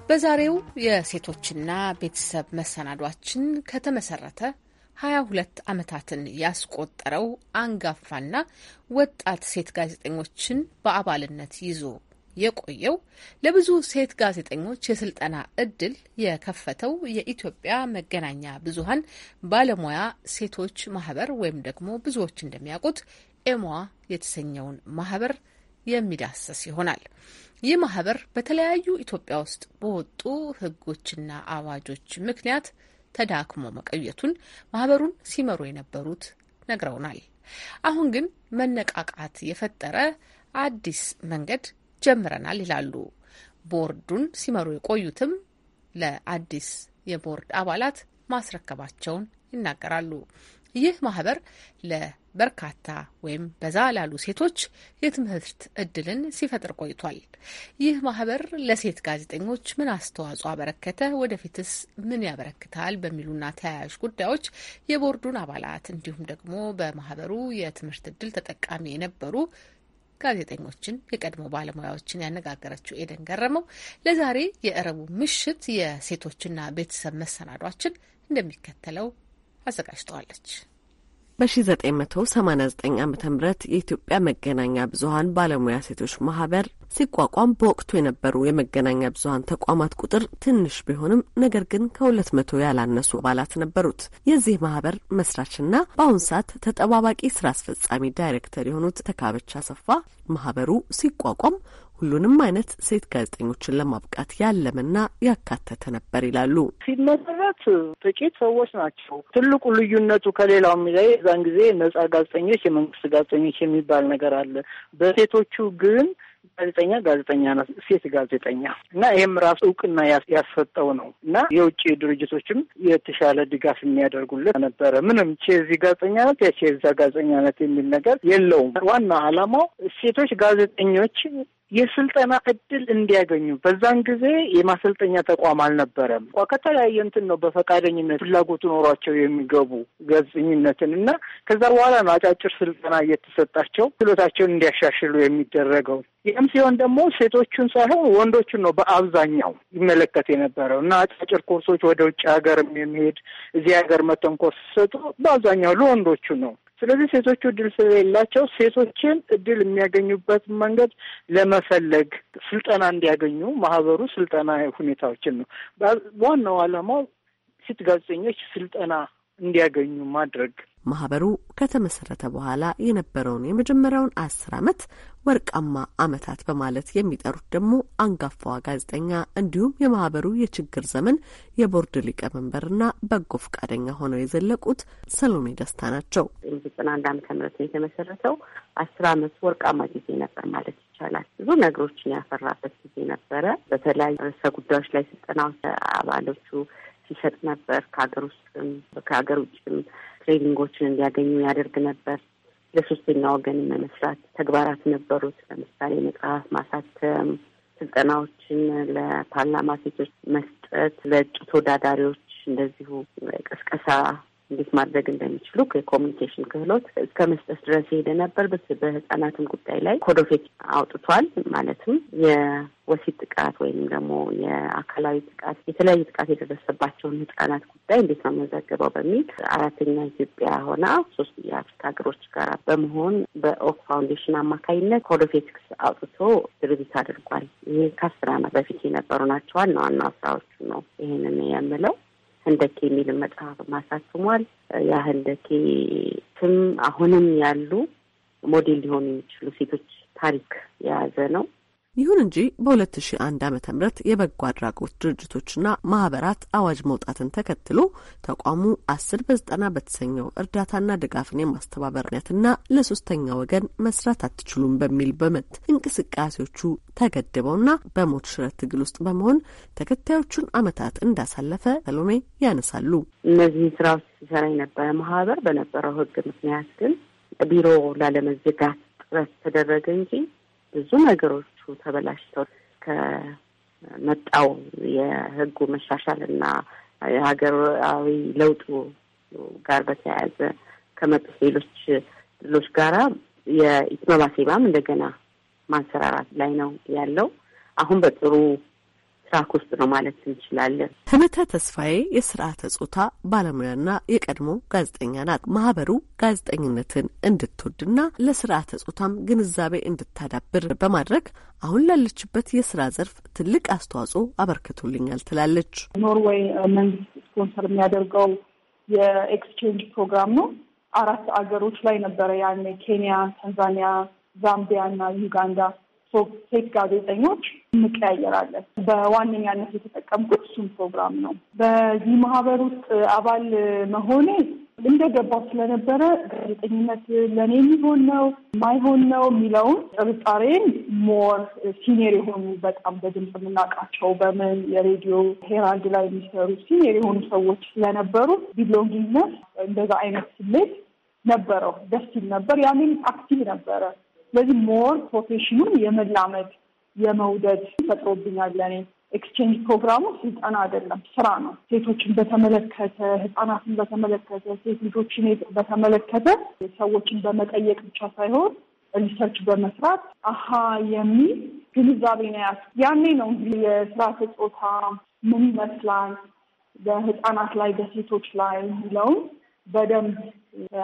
በዛሬው የሴቶችና ቤተሰብ መሰናዷችን ከተመሰረተ ሀያ ሁለት ዓመታትን ያስቆጠረው አንጋፋና ወጣት ሴት ጋዜጠኞችን በአባልነት ይዞ የቆየው ለብዙ ሴት ጋዜጠኞች የስልጠና እድል የከፈተው የኢትዮጵያ መገናኛ ብዙኃን ባለሙያ ሴቶች ማህበር ወይም ደግሞ ብዙዎች እንደሚያውቁት ኤሟ የተሰኘውን ማህበር የሚዳስስ ይሆናል። ይህ ማህበር በተለያዩ ኢትዮጵያ ውስጥ በወጡ ህጎችና አዋጆች ምክንያት ተዳክሞ መቀየቱን ማህበሩን ሲመሩ የነበሩት ነግረውናል። አሁን ግን መነቃቃት የፈጠረ አዲስ መንገድ ጀምረናል ይላሉ። ቦርዱን ሲመሩ የቆዩትም ለአዲስ የቦርድ አባላት ማስረከባቸውን ይናገራሉ። ይህ ማህበር ለበርካታ ወይም በዛ ላሉ ሴቶች የትምህርት እድልን ሲፈጥር ቆይቷል። ይህ ማህበር ለሴት ጋዜጠኞች ምን አስተዋጽኦ አበረከተ፣ ወደፊትስ ምን ያበረክታል በሚሉና ተያያዥ ጉዳዮች የቦርዱን አባላት እንዲሁም ደግሞ በማህበሩ የትምህርት እድል ተጠቃሚ የነበሩ ጋዜጠኞችን የቀድሞ ባለሙያዎችን ያነጋገረችው ኤደን ገረመው ለዛሬ የእረቡ ምሽት የሴቶችና ቤተሰብ መሰናዷችን እንደሚከተለው አዘጋጅተዋለች። በ1989 ዓ ም የኢትዮጵያ መገናኛ ብዙሀን ባለሙያ ሴቶች ማህበር ሲቋቋም በወቅቱ የነበሩ የመገናኛ ብዙሀን ተቋማት ቁጥር ትንሽ ቢሆንም ነገር ግን ከሁለት መቶ ያላነሱ አባላት ነበሩት። የዚህ ማህበር መስራችና በአሁን ሰዓት ተጠባባቂ ስራ አስፈጻሚ ዳይሬክተር የሆኑት ተካበቻ አሰፋ ማህበሩ ሲቋቋም ሁሉንም አይነት ሴት ጋዜጠኞችን ለማብቃት ያለመና ያካተተ ነበር ይላሉ። ሲመሰረት ጥቂት ሰዎች ናቸው። ትልቁ ልዩነቱ ከሌላው የሚለይ የዛን ጊዜ ነጻ ጋዜጠኞች፣ የመንግስት ጋዜጠኞች የሚባል ነገር አለ። በሴቶቹ ግን ጋዜጠኛ ጋዜጠኛ ናት፣ ሴት ጋዜጠኛ እና ይህም ራሱ እውቅና ያሰጠው ነው እና የውጭ ድርጅቶችም የተሻለ ድጋፍ የሚያደርጉለት ነበረ። ምንም ቼዚ ጋዜጠኛ ናት የቼዛ ጋዜጠኛ ናት የሚል ነገር የለውም። ዋና ዓላማው ሴቶች ጋዜጠኞች የስልጠና እድል እንዲያገኙ። በዛን ጊዜ የማሰልጠኛ ተቋም አልነበረም። ከተለያየ እንትን ነው በፈቃደኝነት ፍላጎቱ ኖሯቸው የሚገቡ ገጽኝነትን እና ከዛ በኋላ ነው አጫጭር ስልጠና እየተሰጣቸው ችሎታቸውን እንዲያሻሽሉ የሚደረገው። ይህም ሲሆን ደግሞ ሴቶቹን ሳይሆን ወንዶቹን ነው በአብዛኛው ይመለከት የነበረው እና አጫጭር ኮርሶች ወደ ውጭ ሀገርም የሚሄድ እዚህ ሀገር መተን ኮርስ ሲሰጡ በአብዛኛው ለወንዶቹ ነው። ስለዚህ ሴቶቹ እድል ስለሌላቸው ሴቶችን እድል የሚያገኙበት መንገድ ለመፈለግ ስልጠና እንዲያገኙ ማህበሩ ስልጠና ሁኔታዎችን ነው ዋናው ዓላማው ሴት ጋዜጠኞች ስልጠና እንዲያገኙ ማድረግ። ማህበሩ ከተመሰረተ በኋላ የነበረውን የመጀመሪያውን አስር ዓመት ወርቃማ ዓመታት በማለት የሚጠሩት ደግሞ አንጋፋዋ ጋዜጠኛ እንዲሁም የማህበሩ የችግር ዘመን የቦርድ ሊቀመንበርና በጎ ፈቃደኛ ሆነው የዘለቁት ሰሎሜ ደስታ ናቸው። ዘጠና አንድ ዓመተ ምህረት ነው የተመሰረተው። አስር አመት ወርቃማ ጊዜ ነበር ማለት ይቻላል። ብዙ ነገሮችን ያፈራበት ጊዜ ነበረ። በተለያዩ ርዕሰ ጉዳዮች ላይ ስልጠና አባሎቹ ሲሰጥ ነበር። ከሀገር ውስጥም ከሀገር ውጭም ትሬኒንጎችን እንዲያገኙ ያደርግ ነበር። ለሶስተኛ ወገን መመስራት ተግባራት ነበሩት። ለምሳሌ መጽሐፍ ማሳተም፣ ስልጠናዎችን ለፓርላማ ሴቶች መስጠት፣ ለእጩ ተወዳዳሪዎች እንደዚሁ ቅስቀሳ እንዴት ማድረግ እንደሚችሉ የኮሚኒኬሽን ክህሎት እስከ መስጠት ድረስ የሄደ ነበር። በህጻናትም ጉዳይ ላይ ኮዶፌት አውጥቷል። ማለትም የወሲብ ጥቃት ወይም ደግሞ የአካላዊ ጥቃት፣ የተለያዩ ጥቃት የደረሰባቸውን ህጻናት ጉዳይ እንዴት ነው የምንዘግበው በሚል አራተኛ ኢትዮጵያ ሆና ሶስት የአፍሪካ ሀገሮች ጋር በመሆን በኦክ ፋውንዴሽን አማካኝነት ኮዶፌትክስ አውጥቶ ድርጊት አድርጓል። ይህ ከአስር አመት በፊት የነበሩ ናቸው። ዋና ዋና ስራዎቹ ነው ይህንን የምለው ህንደኬ የሚል መጽሐፍ ማሳትሟል። ያ ህንደኬ ስም አሁንም ያሉ ሞዴል ሊሆኑ የሚችሉ ሴቶች ታሪክ የያዘ ነው። ይሁን እንጂ በ2001 ም የበጎ አድራጎት ድርጅቶችና ማህበራት አዋጅ መውጣትን ተከትሎ ተቋሙ አስር በዘጠና በተሰኘው እርዳታና ድጋፍን የማስተባበርነትና ለሶስተኛ ወገን መስራት አትችሉም በሚል በመት እንቅስቃሴዎቹ ተገድበውና በሞት ሽረት ትግል ውስጥ በመሆን ተከታዮቹን አመታት እንዳሳለፈ ሰሎሜ ያነሳሉ። እነዚህ ስራዎች ሲሰራ የነበረ ማህበር በነበረው ህግ ምክንያት ግን ቢሮ ላለመዘጋት ጥረት ተደረገ እንጂ ብዙ ነገሮቹ ተበላሽተው ከመጣው የህጉ መሻሻል እና የሀገራዊ ለውጡ ጋር በተያያዘ ከመጡት ሌሎች ድሎች ጋራ የኢትመባሴባም እንደገና ማንሰራራት ላይ ነው ያለው። አሁን በጥሩ ትራክ ውስጥ ነው ማለት እንችላለን። ህመተ ተስፋዬ የስርዓተ ጾታ ባለሙያና የቀድሞ ጋዜጠኛ ናት። ማህበሩ ጋዜጠኝነትን እንድትወድና ለስርዓተ ጾታም ግንዛቤ እንድታዳብር በማድረግ አሁን ላለችበት የስራ ዘርፍ ትልቅ አስተዋጽኦ አበርክቶልኛል ትላለች። ኖርዌይ መንግስት ስፖንሰር የሚያደርገው የኤክስቼንጅ ፕሮግራም ነው። አራት አገሮች ላይ ነበረ ያኔ ኬንያ፣ ታንዛኒያ፣ ዛምቢያ እና ዩጋንዳ ሴት ጋዜጠኞች እንቀያየራለን። በዋነኛነት የተጠቀምኩት እሱም ፕሮግራም ነው። በዚህ ማህበር ውስጥ አባል መሆኔ እንደገባው ስለነበረ ጋዜጠኝነት ለእኔ የሚሆን ነው ማይሆን ነው የሚለውን ጥርጣሬን ሞር ሲኒየር የሆኑ በጣም በድምፅ የምናውቃቸው በምን የሬዲዮ ሄራልድ ላይ የሚሰሩ ሲኒየር የሆኑ ሰዎች ስለነበሩ ቢሎንግነት እንደዛ አይነት ስሜት ነበረው። ደስ ሲል ነበር። ያኔም አክቲቭ ነበረ ስለዚህ ሞር ፕሮፌሽኑን የመላመድ የመውደድ ፈጥሮብኛል ለኔ። ኤክስቼንጅ ፕሮግራሙ ስልጠና አይደለም፣ ስራ ነው። ሴቶችን በተመለከተ ህጻናትን በተመለከተ ሴት ልጆችን በተመለከተ ሰዎችን በመጠየቅ ብቻ ሳይሆን ሪሰርች በመስራት አሀ የሚል ግንዛቤ ነው ያስ ያኔ ነው እንግዲህ የስራ ተጾታ ምን ይመስላል በህፃናት ላይ በሴቶች ላይ የሚለውን በደንብ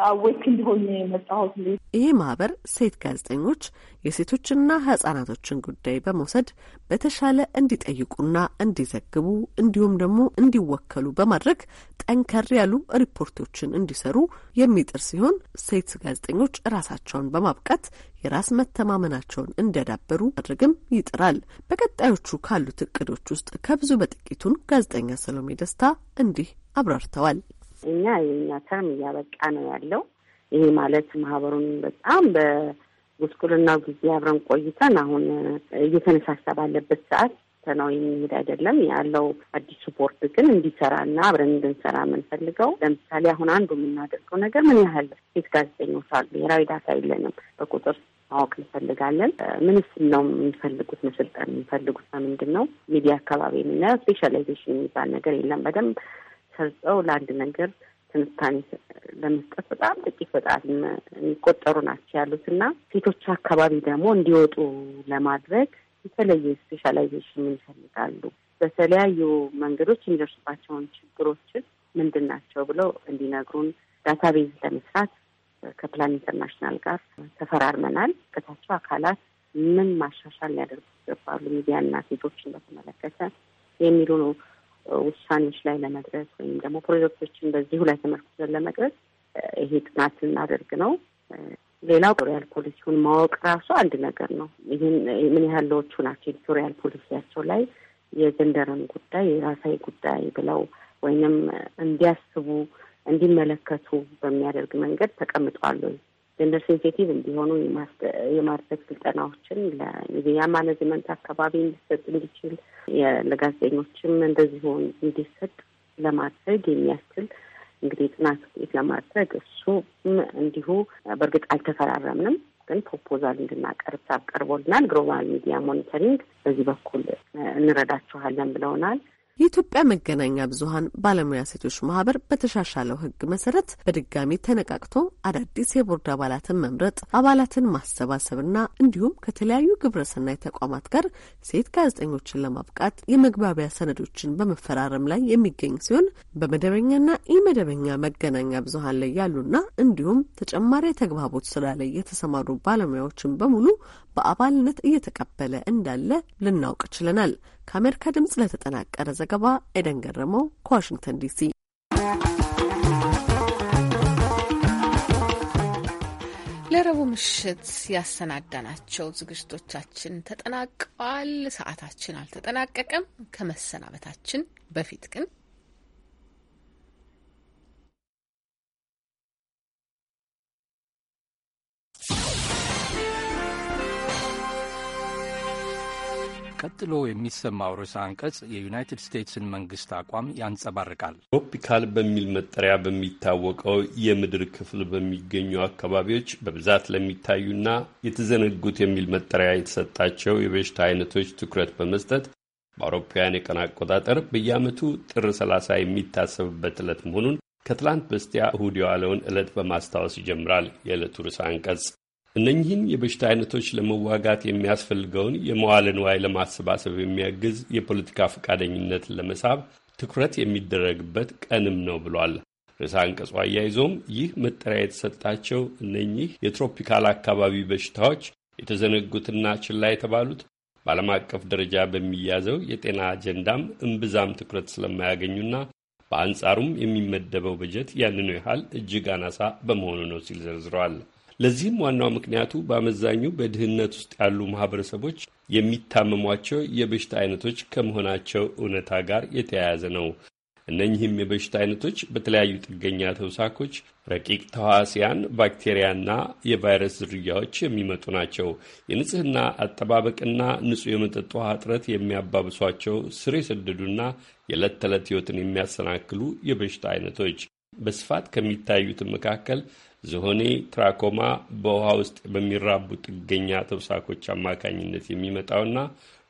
አዌክ እንዲሆን የመጣሁት። ይህ ማህበር ሴት ጋዜጠኞች የሴቶችና ህጻናቶችን ጉዳይ በመውሰድ በተሻለ እንዲጠይቁና እንዲዘግቡ እንዲሁም ደግሞ እንዲወከሉ በማድረግ ጠንከር ያሉ ሪፖርቶችን እንዲሰሩ የሚጥር ሲሆን ሴት ጋዜጠኞች ራሳቸውን በማብቃት የራስ መተማመናቸውን እንዲያዳበሩ ማድረግም ይጥራል። በቀጣዮቹ ካሉት እቅዶች ውስጥ ከብዙ በጥቂቱን ጋዜጠኛ ሰሎሜ ደስታ እንዲህ አብራርተዋል። እኛ የኛ ተርም እያበቃ ነው ያለው። ይሄ ማለት ማህበሩን በጣም በጉስቁልናው ጊዜ አብረን ቆይተን አሁን እየተነሳሳ ባለበት ሰዓት ነው የሚሄድ አይደለም ያለው። አዲሱ ቦርድ ግን እንዲሰራና አብረን እንድንሰራ የምንፈልገው ለምሳሌ አሁን አንዱ የምናደርገው ነገር ምን ያህል ሴት ጋዜጠኞች አሉ? ብሔራዊ ዳታ የለንም በቁጥር ማወቅ እንፈልጋለን። ምንስ ነው የምንፈልጉት? መሰልጠን የምንፈልጉት ምንድን ነው? ሚዲያ አካባቢ የምናየው ስፔሻላይዜሽን የሚባል ነገር የለም። በደንብ ሰርጸው ለአንድ ነገር ትንታኔ ለመስጠት በጣም ጥቂት በጣም የሚቆጠሩ ናቸው ያሉት እና ሴቶች አካባቢ ደግሞ እንዲወጡ ለማድረግ የተለየ ስፔሻላይዜሽን ይፈልጋሉ። በተለያዩ መንገዶች የሚደርሱባቸውን ችግሮችን ምንድን ናቸው ብለው እንዲነግሩን ዳታቤዝ ለመስራት ከፕላን ኢንተርናሽናል ጋር ተፈራርመናል። ከታቸው አካላት ምን ማሻሻል ሊያደርጉ ይገባሉ ሚዲያና ሴቶችን በተመለከተ የሚሉ ነው ውሳኔዎች ላይ ለመድረስ ወይም ደግሞ ፕሮጀክቶችን በዚሁ ላይ ተመርኩዘን ለመድረስ ይሄ ጥናት ልናደርግ ነው። ሌላው ኤዲቶሪያል ፖሊሲውን ማወቅ ራሱ አንድ ነገር ነው። ይህን ምን ያህል ለዎቹ ናቸው ኤዲቶሪያል ፖሊሲያቸው ላይ የጀንደርን ጉዳይ የራሳዊ ጉዳይ ብለው ወይንም እንዲያስቡ እንዲመለከቱ በሚያደርግ መንገድ ተቀምጧል ወይ ጀንደር ሴንሴቲቭ እንዲሆኑ የማድረግ ስልጠናዎችን ለሚዲያ ማኔጅመንት አካባቢ እንዲሰጥ እንዲችል ለጋዜጠኞችም እንደዚሁ እንዲሰጥ ለማድረግ የሚያስችል እንግዲህ ጥናት ውጤት ለማድረግ እሱም እንዲሁ በእርግጥ አልተፈራረምንም፣ ግን ፕሮፖዛል እንድናቀርብ ሳብ ቀርቦልናል። ግሎባል ሚዲያ ሞኒተሪንግ በዚህ በኩል እንረዳችኋለን ብለውናል። የኢትዮጵያ መገናኛ ብዙኃን ባለሙያ ሴቶች ማህበር በተሻሻለው ሕግ መሰረት በድጋሚ ተነቃቅቶ አዳዲስ የቦርድ አባላትን መምረጥ፣ አባላትን ማሰባሰብና እንዲሁም ከተለያዩ ግብረሰናይ ተቋማት ጋር ሴት ጋዜጠኞችን ለማብቃት የመግባቢያ ሰነዶችን በመፈራረም ላይ የሚገኝ ሲሆን በመደበኛና ኢመደበኛ መገናኛ ብዙኃን ላይ ያሉና እንዲሁም ተጨማሪ የተግባቦት ስራ ላይ የተሰማሩ ባለሙያዎችን በሙሉ በአባልነት እየተቀበለ እንዳለ ልናውቅ ችለናል። ከአሜሪካ ድምፅ ለተጠናቀረ ዘገባ ኤደን ገረመው ከዋሽንግተን ዲሲ። ለረቡ ምሽት ያሰናዳናቸው ዝግጅቶቻችን ተጠናቀዋል። ሰዓታችን አልተጠናቀቀም። ከመሰናበታችን በፊት ግን ቀጥሎ የሚሰማው ርዕሰ አንቀጽ የዩናይትድ ስቴትስን መንግስት አቋም ያንጸባርቃል። ትሮፒካል በሚል መጠሪያ በሚታወቀው የምድር ክፍል በሚገኙ አካባቢዎች በብዛት ለሚታዩና የተዘነጉት የሚል መጠሪያ የተሰጣቸው የበሽታ አይነቶች ትኩረት በመስጠት በአውሮፓውያን የቀን አቆጣጠር በየዓመቱ ጥር 30 የሚታሰብበት ዕለት መሆኑን ከትላንት በስቲያ እሁድ የዋለውን ዕለት በማስታወስ ይጀምራል የዕለቱ ርዕሰ አንቀጽ። እነኚህን የበሽታ አይነቶች ለመዋጋት የሚያስፈልገውን የመዋለ ንዋይ ለማሰባሰብ የሚያግዝ የፖለቲካ ፈቃደኝነት ለመሳብ ትኩረት የሚደረግበት ቀንም ነው ብሏል። ርዕሰ አንቀጹ አያይዞም ይህ መጠሪያ የተሰጣቸው እነኚህ የትሮፒካል አካባቢ በሽታዎች የተዘነጉትና ችላ የተባሉት በዓለም አቀፍ ደረጃ በሚያዘው የጤና አጀንዳም እምብዛም ትኩረት ስለማያገኙና በአንጻሩም የሚመደበው በጀት ያንኑ ያህል እጅግ አናሳ በመሆኑ ነው ሲል ዘርዝረዋል። ለዚህም ዋናው ምክንያቱ በአመዛኙ በድህነት ውስጥ ያሉ ማህበረሰቦች የሚታመሟቸው የበሽታ አይነቶች ከመሆናቸው እውነታ ጋር የተያያዘ ነው። እነኚህም የበሽታ አይነቶች በተለያዩ ጥገኛ ተውሳኮች፣ ረቂቅ ተዋሲያን፣ ባክቴሪያና የቫይረስ ዝርያዎች የሚመጡ ናቸው። የንጽህና አጠባበቅና ንጹህ የመጠጥ ውሃ እጥረት የሚያባብሷቸው ስር የሰደዱና የዕለት ተዕለት ሕይወትን የሚያሰናክሉ የበሽታ አይነቶች በስፋት ከሚታዩትም መካከል ዝሆኒ ትራኮማ በውሃ ውስጥ በሚራቡ ጥገኛ ተውሳኮች አማካኝነት የሚመጣውና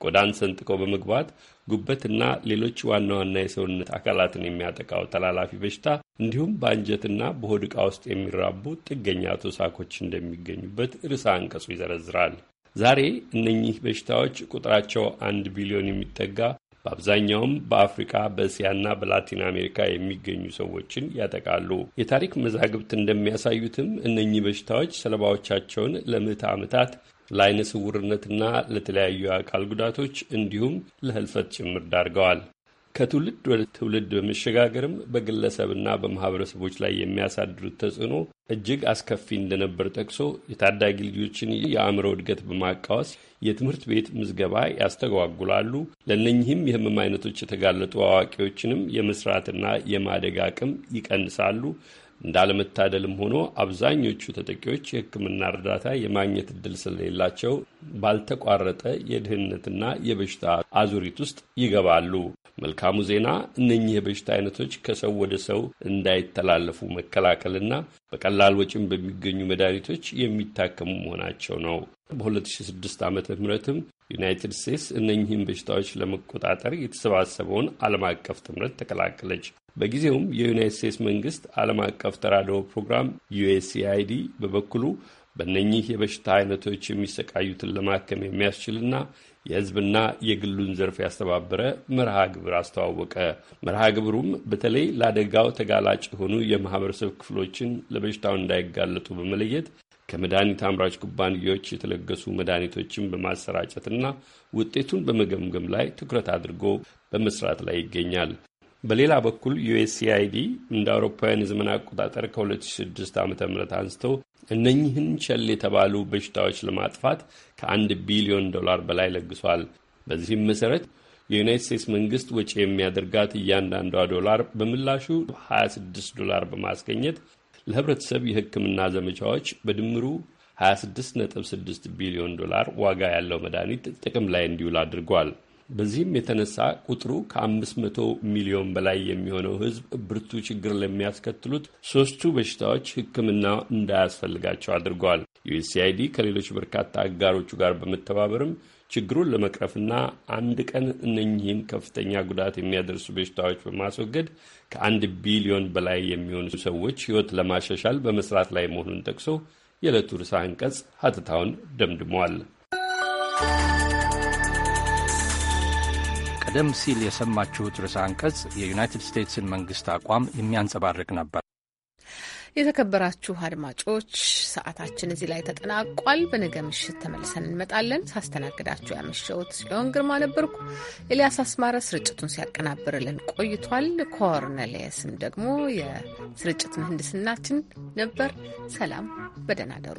ቆዳን ሰንጥቆ በመግባት ጉበትና ሌሎች ዋና ዋና የሰውነት አካላትን የሚያጠቃው ተላላፊ በሽታ እንዲሁም በአንጀትና በሆድ ዕቃ ውስጥ የሚራቡ ጥገኛ ተውሳኮች እንደሚገኙበት ርዕሰ አንቀጹ ይዘረዝራል። ዛሬ እነኚህ በሽታዎች ቁጥራቸው አንድ ቢሊዮን የሚጠጋ በአብዛኛውም በአፍሪካ በእስያና በላቲን አሜሪካ የሚገኙ ሰዎችን ያጠቃሉ። የታሪክ መዛግብት እንደሚያሳዩትም እነኚህ በሽታዎች ሰለባዎቻቸውን ለምዕተ ዓመታት ለአይነ ስውርነትና ለተለያዩ አካል ጉዳቶች እንዲሁም ለህልፈት ጭምር ዳርገዋል። ከትውልድ ወደ ትውልድ በመሸጋገርም በግለሰብና በማህበረሰቦች ላይ የሚያሳድሩት ተጽዕኖ እጅግ አስከፊ እንደነበር ጠቅሶ የታዳጊ ልጆችን የአእምሮ እድገት በማቃወስ የትምህርት ቤት ምዝገባ ያስተጓጉላሉ፣ ለእነኚህም የህመም አይነቶች የተጋለጡ አዋቂዎችንም የመስራትና የማደግ አቅም ይቀንሳሉ። እንዳለመታደልም ሆኖ አብዛኞቹ ተጠቂዎች የሕክምና እርዳታ የማግኘት እድል ስለሌላቸው ባልተቋረጠ የድህነትና የበሽታ አዙሪት ውስጥ ይገባሉ። መልካሙ ዜና እነኚህ የበሽታ አይነቶች ከሰው ወደ ሰው እንዳይተላለፉ መከላከልና በቀላል ወጪም በሚገኙ መድኃኒቶች የሚታከሙ መሆናቸው ነው። በ2006 ዓ ምትም ዩናይትድ ስቴትስ እነኚህን በሽታዎች ለመቆጣጠር የተሰባሰበውን ዓለም አቀፍ ጥምረት ተቀላቀለች። በጊዜውም የዩናይትድ ስቴትስ መንግስት ዓለም አቀፍ ተራድኦ ፕሮግራም ዩኤስኤአይዲ በበኩሉ በእነኚህ የበሽታ አይነቶች የሚሰቃዩትን ለማከም የሚያስችልና የህዝብና የግሉን ዘርፍ ያስተባበረ መርሃ ግብር አስተዋወቀ። መርሃ ግብሩም በተለይ ለአደጋው ተጋላጭ የሆኑ የማህበረሰብ ክፍሎችን ለበሽታው እንዳይጋለጡ በመለየት ከመድኃኒት አምራች ኩባንያዎች የተለገሱ መድኃኒቶችን በማሰራጨትና ውጤቱን በመገምገም ላይ ትኩረት አድርጎ በመስራት ላይ ይገኛል። በሌላ በኩል ዩኤስኤአይዲ እንደ አውሮፓውያን የዘመን አቆጣጠር ከ2006 ዓ ም አንስቶ እነኚህን ቸል የተባሉ በሽታዎች ለማጥፋት ከ ከ1 ቢሊዮን ዶላር በላይ ለግሷል። በዚህም መሠረት የዩናይት ስቴትስ መንግስት ወጪ የሚያደርጋት እያንዳንዷ ዶላር በምላሹ 26 ዶላር በማስገኘት ለህብረተሰብ የህክምና ዘመቻዎች በድምሩ 26.6 ቢሊዮን ዶላር ዋጋ ያለው መድኃኒት ጥቅም ላይ እንዲውል አድርጓል። በዚህም የተነሳ ቁጥሩ ከ500 ሚሊዮን በላይ የሚሆነው ህዝብ ብርቱ ችግር ለሚያስከትሉት ሶስቱ በሽታዎች ህክምና እንዳያስፈልጋቸው አድርጓል። ዩኤስአይዲ ከሌሎች በርካታ አጋሮቹ ጋር በመተባበርም ችግሩን ለመቅረፍና አንድ ቀን እነኚህን ከፍተኛ ጉዳት የሚያደርሱ በሽታዎች በማስወገድ ከአንድ ቢሊዮን በላይ የሚሆኑ ሰዎች ሕይወት ለማሻሻል በመስራት ላይ መሆኑን ጠቅሶ የዕለቱ ርዕሰ አንቀጽ ሀተታውን ደምድሟል። ቀደም ሲል የሰማችሁት ርዕሰ አንቀጽ የዩናይትድ ስቴትስን መንግሥት አቋም የሚያንጸባርቅ ነበር። የተከበራችሁ አድማጮች ሰዓታችን እዚህ ላይ ተጠናቋል። በነገ ምሽት ተመልሰን እንመጣለን። ሳስተናግዳችሁ ያመሸሁት ጽዮን ግርማ ነበርኩ። ኤልያስ አስማረ ስርጭቱን ሲያቀናብርልን ቆይቷል። ኮርኔሌየስም ደግሞ የስርጭት ምህንድስናችን ነበር። ሰላም፣ በደህና ደሩ።